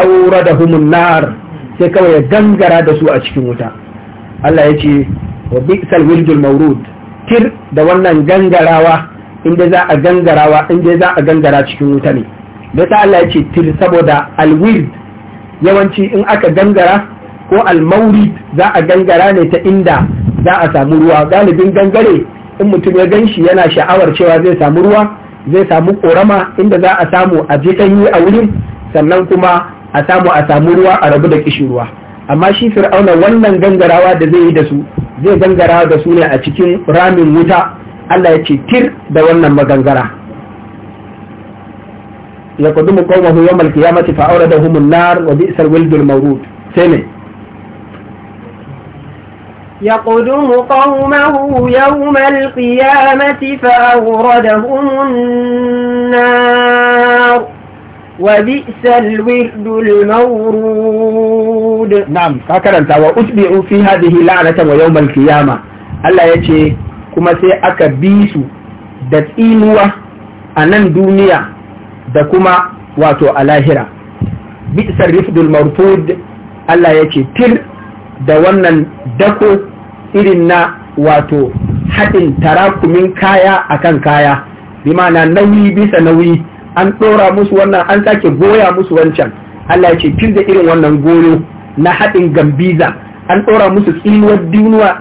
da nar sai kawai ya gangara da su a cikin wuta Allah ya ce wa bi'sal wirdul mawrud tir da wannan gangarawa inda za a gangarawa inda za a gangara cikin wuta ne da ta Allah ya ce tir saboda alwird yawanci in aka gangara ko almaurid za a gangara ne ta inda za a samu ruwa galibin gangare in mutum ya gan shi yana sha'awar cewa zai samu ruwa zai samu korama inda za a samu a je kan a wurin sannan kuma a samu a samu ruwa a rabu da kishirwa amma shi fir'auna wannan gangarawa da zai yi da su zai gangara da su ne a cikin ramin wuta Allah ya ce tir da wannan magangara ya kudumu qawmahu yawm al-qiyamati fa awradahum an-nar wa bi'sa al-wild al-mawrud sai ne يقدم قومه يوم القيامة فأوردهم النار وبئس الورد المورود نعم هكذا أنت وأتبعوا في هذه لعنة ويوم القيامة ألا يتي kuma sai aka bi su da tsinuwa a nan duniya da kuma wato a lahira bisar rifdul marfud Allah ya ce tir da wannan dako irin na wato haɗin tarakumin kaya akan kaya bi ma'ana nauyi bisa nauyi an ɗora musu wannan an sake goya musu wancan Allah ya ce tir da irin wannan goyo na haɗin gambiza an ɗora musu tsinuwar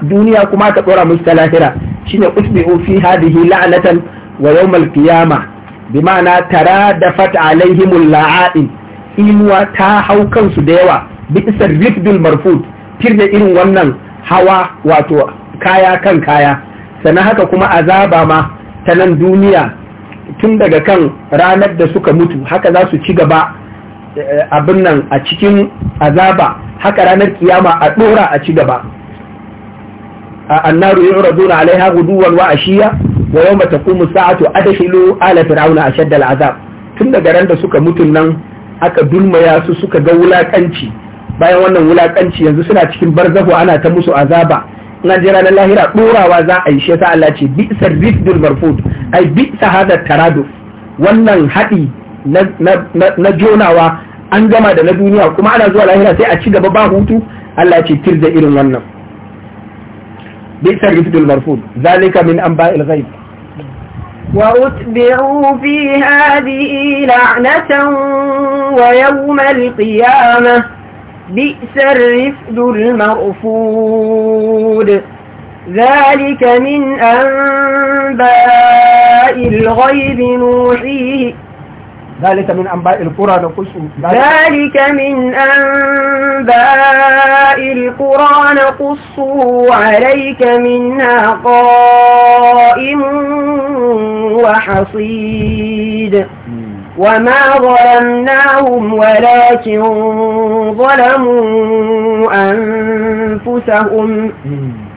duniya kuma aka ɗora musu ta lahira shine usbihu fi hadhihi la'natan wa yawm al-qiyamah bima'ana taradafat alaihimul la'ain inuwa ta hau kansu da yawa bi isar rifdul marfud tirda irin wannan hawa wato kaya kan kaya sannan haka kuma azaba ma ta nan duniya tun daga kan ranar da suka mutu haka za su ci gaba eh, abin nan a cikin azaba haka ranar kiyama a ɗora a ci gaba annaru yu'raduna 'alaiha guduwan wa ashiya wa yawma taqumu sa'atu adkhilu ala fir'auna ashadda al'azab tun daga ran da suka mutun nan aka dulmaya su suka ga wulakanci bayan wannan wulakanci yanzu suna cikin barzahu ana ta musu azaba na jira na lahira dorawa za a yi shi yasa Allah ce bi sa marfud ai bi sa hada taradu wannan haɗi na jonawa an gama da na duniya kuma ana zuwa lahira sai a ci gaba ba hutu Allah ce tirza irin wannan بئس الرفد المرفوض ذلك من أنباء الغيب وأتبعوا في هذه لعنة ويوم القيامة بئس الرفد المرفود ذلك من أنباء الغيب نوحيه ذلك من أنباء القرى نقصه ذلك من أنباء القرى نقصه عليك منها قائم وحصيد وما ظلمناهم ولكن ظلموا أنفسهم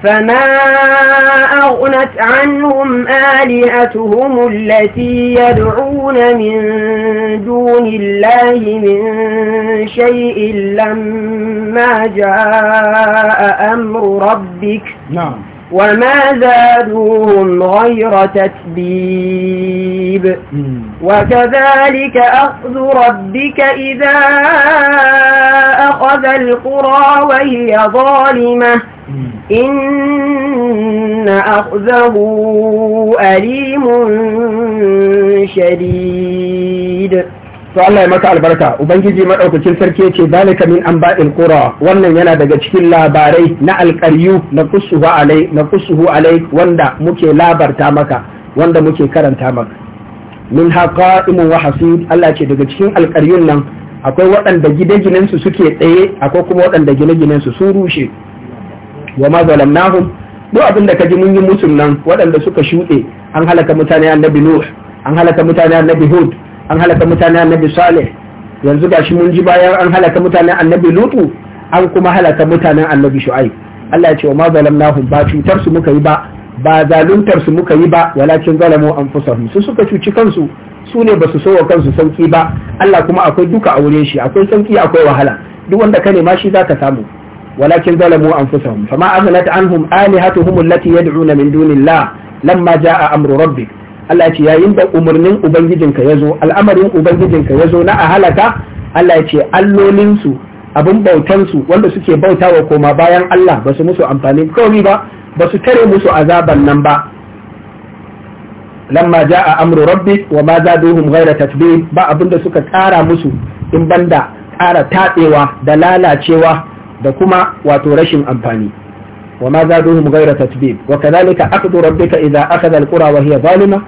فما أغنت عنهم آلهتهم التي يدعون من دون الله من شيء لما جاء أمر ربك نعم وما زادوهم غير تتبيب وكذلك أخذ ربك إذا أخذ القرى وهي ظالمة إن أخذه أليم شديد to Allah ya maka albarka ubangiji madaukakin sarki yace zalika min anba'il qura wannan yana daga cikin labarai na alqaryu na kusuhu alai na alai wanda muke labarta maka wanda muke karanta maka min haqa'imu wa hasid Allah ce daga cikin alqaryun nan akwai waɗanda gine-ginensu suke tsaye akwai kuma waɗanda gine-ginensu sun rushe wa ma zalamnahum duk abin da kaji mun yi musun nan waɗanda suka shuɗe an halaka mutane annabi nuh an halaka mutane annabi hud an halaka mutane annabi salih yanzu gashi mun ji bayan an halaka mutane annabi lutu an kuma halaka mutanen annabi shu'aib Allah ya ce wa ma zalamnahum ba cutar su muka yi ba ba zaluntar su muka yi ba walakin zalamu anfusahum su suka cuci kansu su ne ba su so wa kansu sauki ba Allah kuma akwai duka a wurin shi akwai sauki akwai wahala duk wanda ka nema shi zaka samu walakin zalamu anfusahum fama aghnat anhum alihatuhum allati yad'una min dunillah lamma a amru rabbik Allah ce yayin da umarnin ubangijinka zo. al'amarin ubangijinka yazo na a halaka Allah ce allolinsu abin bautansu wanda suke bauta wa koma bayan Allah ba su musu amfani kawai ba ba su tare musu azaban nan ba lamma a amru rabbi wa ma zaduhum ghayra tatbib ba abin da suka kara musu in banda kara tatsewa da lalacewa da kuma wato rashin amfani wa ma zaduhum ghayra tatbib wa kadhalika aqdu rabbika idza akhadha alqura wa hiya zalima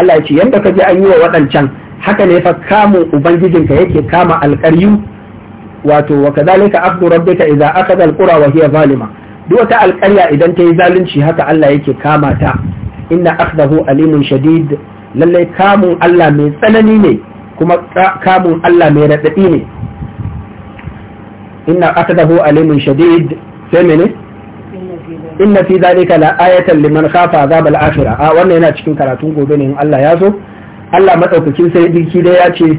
Allah ya ce yanda kaje an yi wa wadancan haka ne fa kamun ubangijinka yake kama alqaryu wato wa kadhalika aqdu rabbika idza akhadha alqura wa hiya zalima duk wata alƙarya idan ta yi zalunci haka Allah yake kama ta inna akhdahu alimun shadid lallai kamun Allah mai tsanani ne kuma kamun Allah mai raɗaɗi ne inna aqdahu alimun shadid sai mene inna fi zalika la ayatan liman khafa azab al akhirah a wannan yana cikin karatun gobe ne in Allah ya zo Allah madaukakin sarki dai ya ce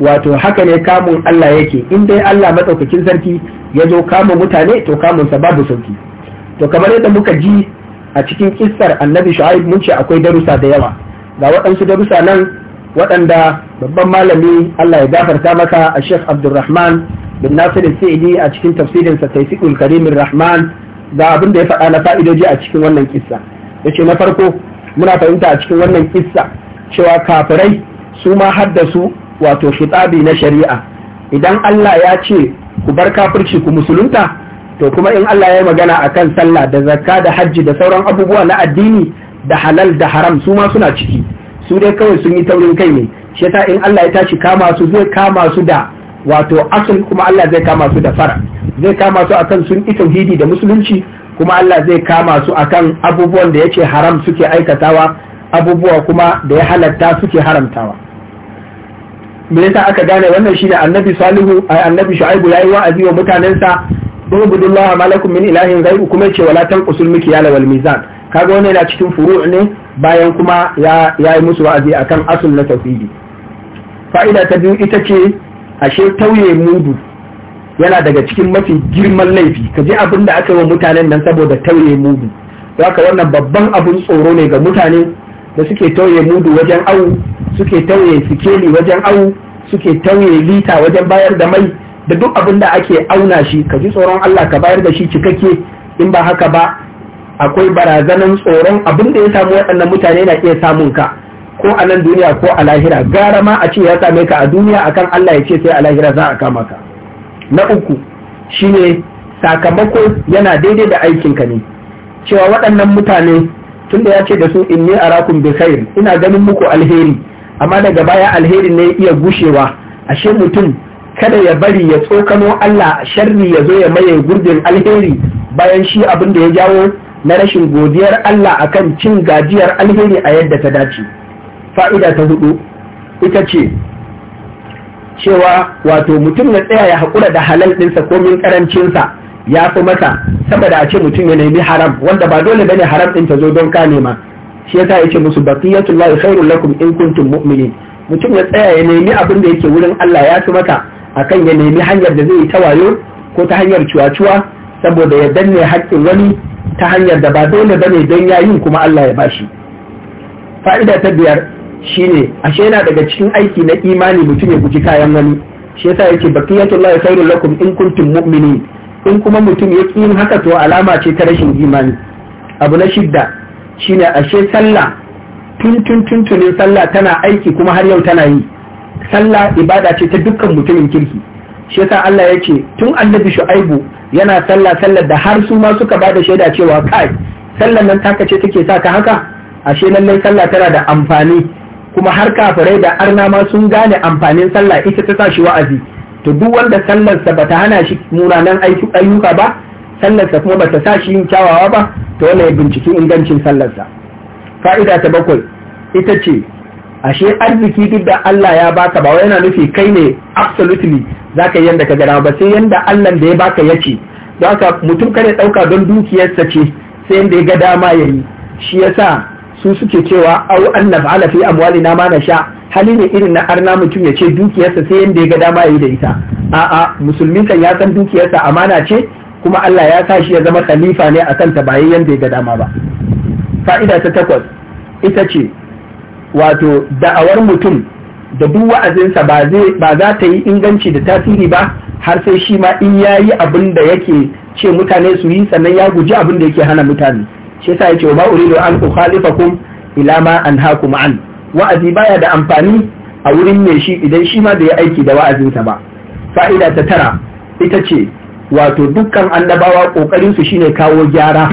wato haka ne kamun Allah yake in dai Allah madaukakin sarki ya zo kama mutane to kamun babu sauki to kamar yadda muka ji a cikin ƙissar annabi shu'aib mun ce akwai darussa da yawa ga waɗansu darussa nan waɗanda babban malami Allah ya gafarta maka a Sheikh Abdulrahman bin nasir sa'idi a cikin tafsirin sa tayfiqul karimir rahman ga abin da ya faɗa na fa'idoji a cikin wannan kissa yace na farko muna fahimta a cikin wannan kissa cewa kafirai su ma haddasu wato khitabi na shari'a idan Allah ya ce ku bar kafirci ku musulunta to kuma in Allah ya magana akan sallah da zakka da hajji da sauran abubuwa na addini da halal da haram su ma suna ciki su dai kawai sun yi taurin kai ne shi in Allah ya tashi kama su zai kama su da wato asal kuma Allah zai kama su da fara zai kama su akan sun yi tauhidi da musulunci kuma Allah zai kama su akan abubuwan da yake haram suke aikatawa abubuwa kuma da ya halatta suke haramtawa me yasa aka gane wannan shine annabi salihu annabi shu'aibu yi wa'azi wa mutanensa ubudullaha malakum min ilahin ghairu kuma yace wala tanqusul mikyala wal mizan kaga wannan yana cikin furu' ne bayan kuma ya yi musu wa'azi akan asul na tauhidi fa'ida ta biyu ita ce ashe tauye mudu yana daga cikin mafi girman laifi ka ji abin da aka yi wa mutanen nan saboda tauye mudu haka wannan babban abin tsoro ne ga mutane da suke tauye mudu wajen awu suke tauye sikeli wajen awu suke tauye lita wajen bayar da mai da duk abin da ake auna shi ka ji tsoron Allah ka bayar da shi cikakke in ba haka ba akwai barazanan tsoron abin da ya samu waɗannan mutane na iya samun ka ko a nan duniya ko a lahira gara ma a ce ya same ka a duniya akan Allah ya ce sai a lahira za a kama ka na uku shine sakamako yana daidai da aikinka ne cewa waɗannan mutane tunda ya ce da su inni arakum bi khair ina ganin muku alheri amma daga baya alheri ne iya gushewa ashe mutum kada ya bari ya tsokano Allah sharri ya zo ya maye gurbin alheri bayan shi abin da ya jawo na rashin godiyar Allah akan cin gajiyar alheri a yadda ta dace fa'ida ta hudu ita ce cewa wato mutum na tsaya ya haƙura da halal ɗinsa min ƙarancinsa ya fi masa saboda a ce mutum ya nemi haram wanda ba dole bane haram ɗin ta zo don ka nema shi yasa ya ce musu baqiyatullahi khairul lakum in kuntum mu'minin mutum ya tsaya ya nemi abin da yake wurin Allah ya fi mata kan ya nemi hanyar da zai yi ta wayo ko ta hanyar cuwa-cuwa saboda ya danne haƙƙin wani ta hanyar da ba dole bane don yayin kuma Allah ya bashi fa'ida ta biyar shine ashe yana daga cikin aiki na imani mutum ya guji kayan wani shi yasa yake baqiyatullahi khairul lakum in kuntum mu'minin in kuma mutum ya yin haka to alama ce ta rashin imani abu na shidda shine ashe sallah tun tun tun sallah tana aiki kuma har yau tana yi sallah ibada ce ta dukkan mutumin kirki shi yasa Allah ya ce tun annabi shu'aibu yana sallah sallar da har su ma suka bada shaida cewa kai sallar nan taka ce take sa ka haka ashe lallai sallah tana da amfani kuma har kafirai da arna ma sun gane amfanin sallah ita ta sa shi wa'azi to duk wanda sallarsa bata hana shi munanan ayyuka ba sallarsa kuma bata sa shi yin kyawawa ba to wannan ya binciki ingancin sallarsa fa'ida ta bakwai ita ce ashe arziki duk da Allah ya baka ba yana nufi kai ne absolutely zaka yanda ka gada ba sai yanda Allah da ya baka ya ce don haka mutum kare ɗauka don dukiyarsa ce sai yanda ya ga dama yayi shi yasa su suke cewa au an naf'ala fi na ma sha, hali ne irin na arna mutum ya ce dukiyarsa sai yanda ya ga dama ya yi da ita a'a musulmin kan ya san dukiyarsa amana ce kuma Allah ya sa shi ya zama khalifa ne a kanta ba yayin da ya ga dama ba fa'ida ta takwas ita ce wato da'awar mutum da duk wa'azinsa ba za ta yi inganci da tasiri ba har sai shi ma in yayi abin da yake ce mutane su yi sannan ya guji abin da yake hana mutane shi yasa yace ba uridu an ukhalifakum ila ma anhaakum an wa'azi baya da amfani a wurin mai shi idan shi ma da ya aiki da wa'azinsa ba fa'ida ta tara ita ce wato dukkan annabawa kokarin su shine kawo gyara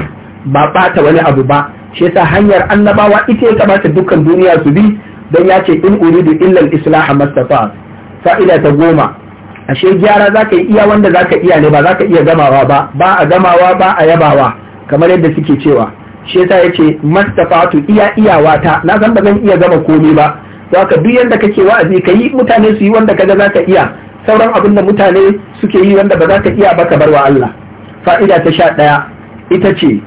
ba bata wani abu ba shi yasa hanyar annabawa ita ya kamata dukkan duniya su bi dan ya ce in uridu illa al-islah mastafa fa'ida ta goma ashe gyara zaka yi iya wanda zaka iya ne ba zaka iya gamawa ba ba a gamawa ba a yabawa kamar yadda suke cewa shi yasa yace mastafatu iya iyawa ta na san ba zan iya gama komai ba to haka duk yanda kake wa'azi kayi mutane su yi wanda kaga zaka iya sauran abin da mutane suke yi wanda ba za ka iya ba ka bar wa Allah fa'ida ta sha ɗaya ita ce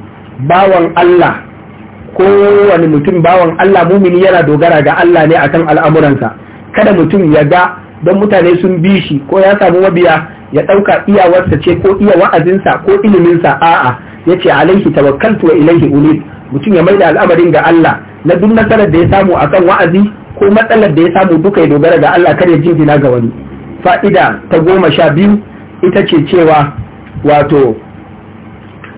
bawan Allah kowane mutum bawan Allah mumini yana dogara ga Allah ne akan al'amuransa kada mutum ya ga don mutane sun bi shi ko ya samu mabiya ya ɗauka iyawarsa ce ko iya wa'azinsa ko iliminsa a'a ya ce alaihi tawakkaltu wa ilaihi unib mutum ya maida al'amarin ga Allah na duk nasarar da ya samu akan wa'azi ko matsalar da ya samu duka ya dogara ga Allah kar ya jingina ga wani fa'ida ta goma sha biyu ita ce cewa wato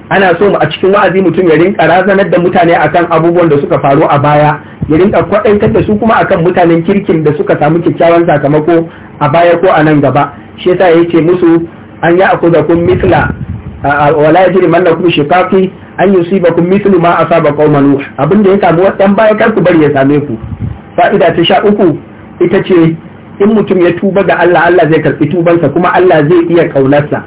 ana so mu a cikin wa'azi mutum ya rinka razanar da mutane akan abubuwan da suka faru a baya ya rinka kwaɗaitar da su kuma akan mutanen kirkin da suka samu kyakkyawan sakamako a baya ko a nan gaba shi yasa ya ce musu an ya akuza kun misla wala yajri kuma shiqaqi an yi yusibakum mithlu ma asaba qauma nuh abinda ya samu wadan baya kar ku bari ya same ku fa'ida ta sha uku ita ce in mutum ya tuba ga Allah Allah zai karbi tubansa kuma Allah zai iya kaunarsa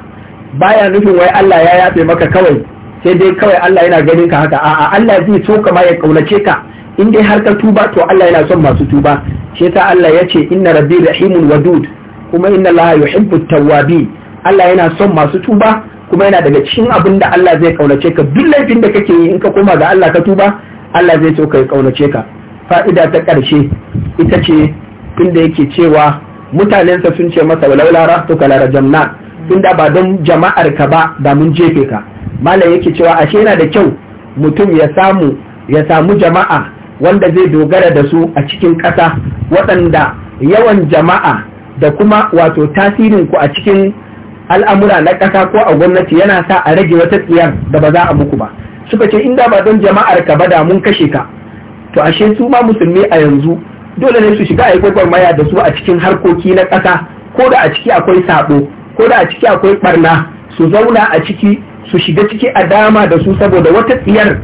baya nufin wai Allah ya yafe maka kawai sai dai kawai Allah yana ganin ka haka a'a Allah zai so ka ya kaunace ka in dai har ka tuba to Allah yana son masu tuba shi ta Allah ya ce inna rabbi rahimun wadud kuma inna Allah yuhibbu tawwabin Allah yana son masu tuba kuma yana daga cikin abin da Allah zai kaunace ka duk laifin da kake yi in ka koma ga Allah ka tuba Allah zai so ka yi kaunace ka fa'ida ta ƙarshe ita ce tunda yake cewa mutanensa sun ce masa walaula rahtuka la rajamna tunda ba don jama'ar ka ba da mun jefe ka malam yake cewa ashe yana da kyau mutum ya samu ya samu jama'a wanda zai dogara da su a cikin ƙasa waɗanda yawan jama'a da kuma wato tasirin ku a cikin al'amura na ƙasa ko a gwamnati yana sa a rage wata tsiyar da ba za a muku ba suka ce inda ba don jama'ar ka ba da mun kashe ka to ashe su ma musulmi a yanzu dole ne su shiga a yi gwagwarmaya da su a cikin harkoki na ƙasa ko da a ciki akwai saɓo ko da a ciki akwai ɓarna su zauna a ciki su shiga ciki a dama da su saboda wata tsiyar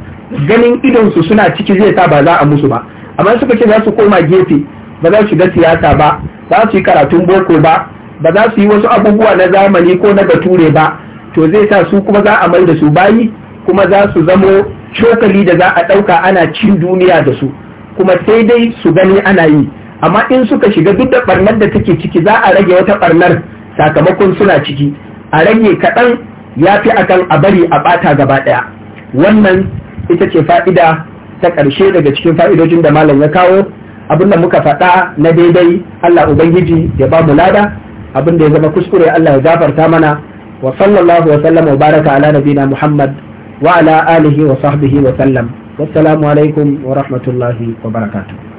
ganin idon su suna ciki zai sa ba za a musu ba amma suka ce za su koma gefe ba za su shiga siyasa ba za su yi karatun boko ba ba za su yi wasu abubuwa na zamani ko na bature ba to zai sa su kuma za a mai da su bayi kuma za su zamo cokali da za a ɗauka ana cin duniya da su kuma sai dai su gani ana yi amma in suka shiga duk da ɓarnar da take ciki za a rage wata ɓarnar sakamakon suna ciki a rage kaɗan ya fi akan a bari a ɓata gaba ɗaya wannan ita ce fa'ida ta ƙarshe daga cikin fa'idojin da malam ya kawo abin da muka faɗa na daidai Allah Ubangiji ya ba mu lada abin da ya zama kuskure Allah ya gafarta mana wa sallallahu wa sallam wa baraka ala nabina Muhammad wa ala alihi wa sahbihi wa sallam wassalamu alaikum wa rahmatullahi wa barakatuh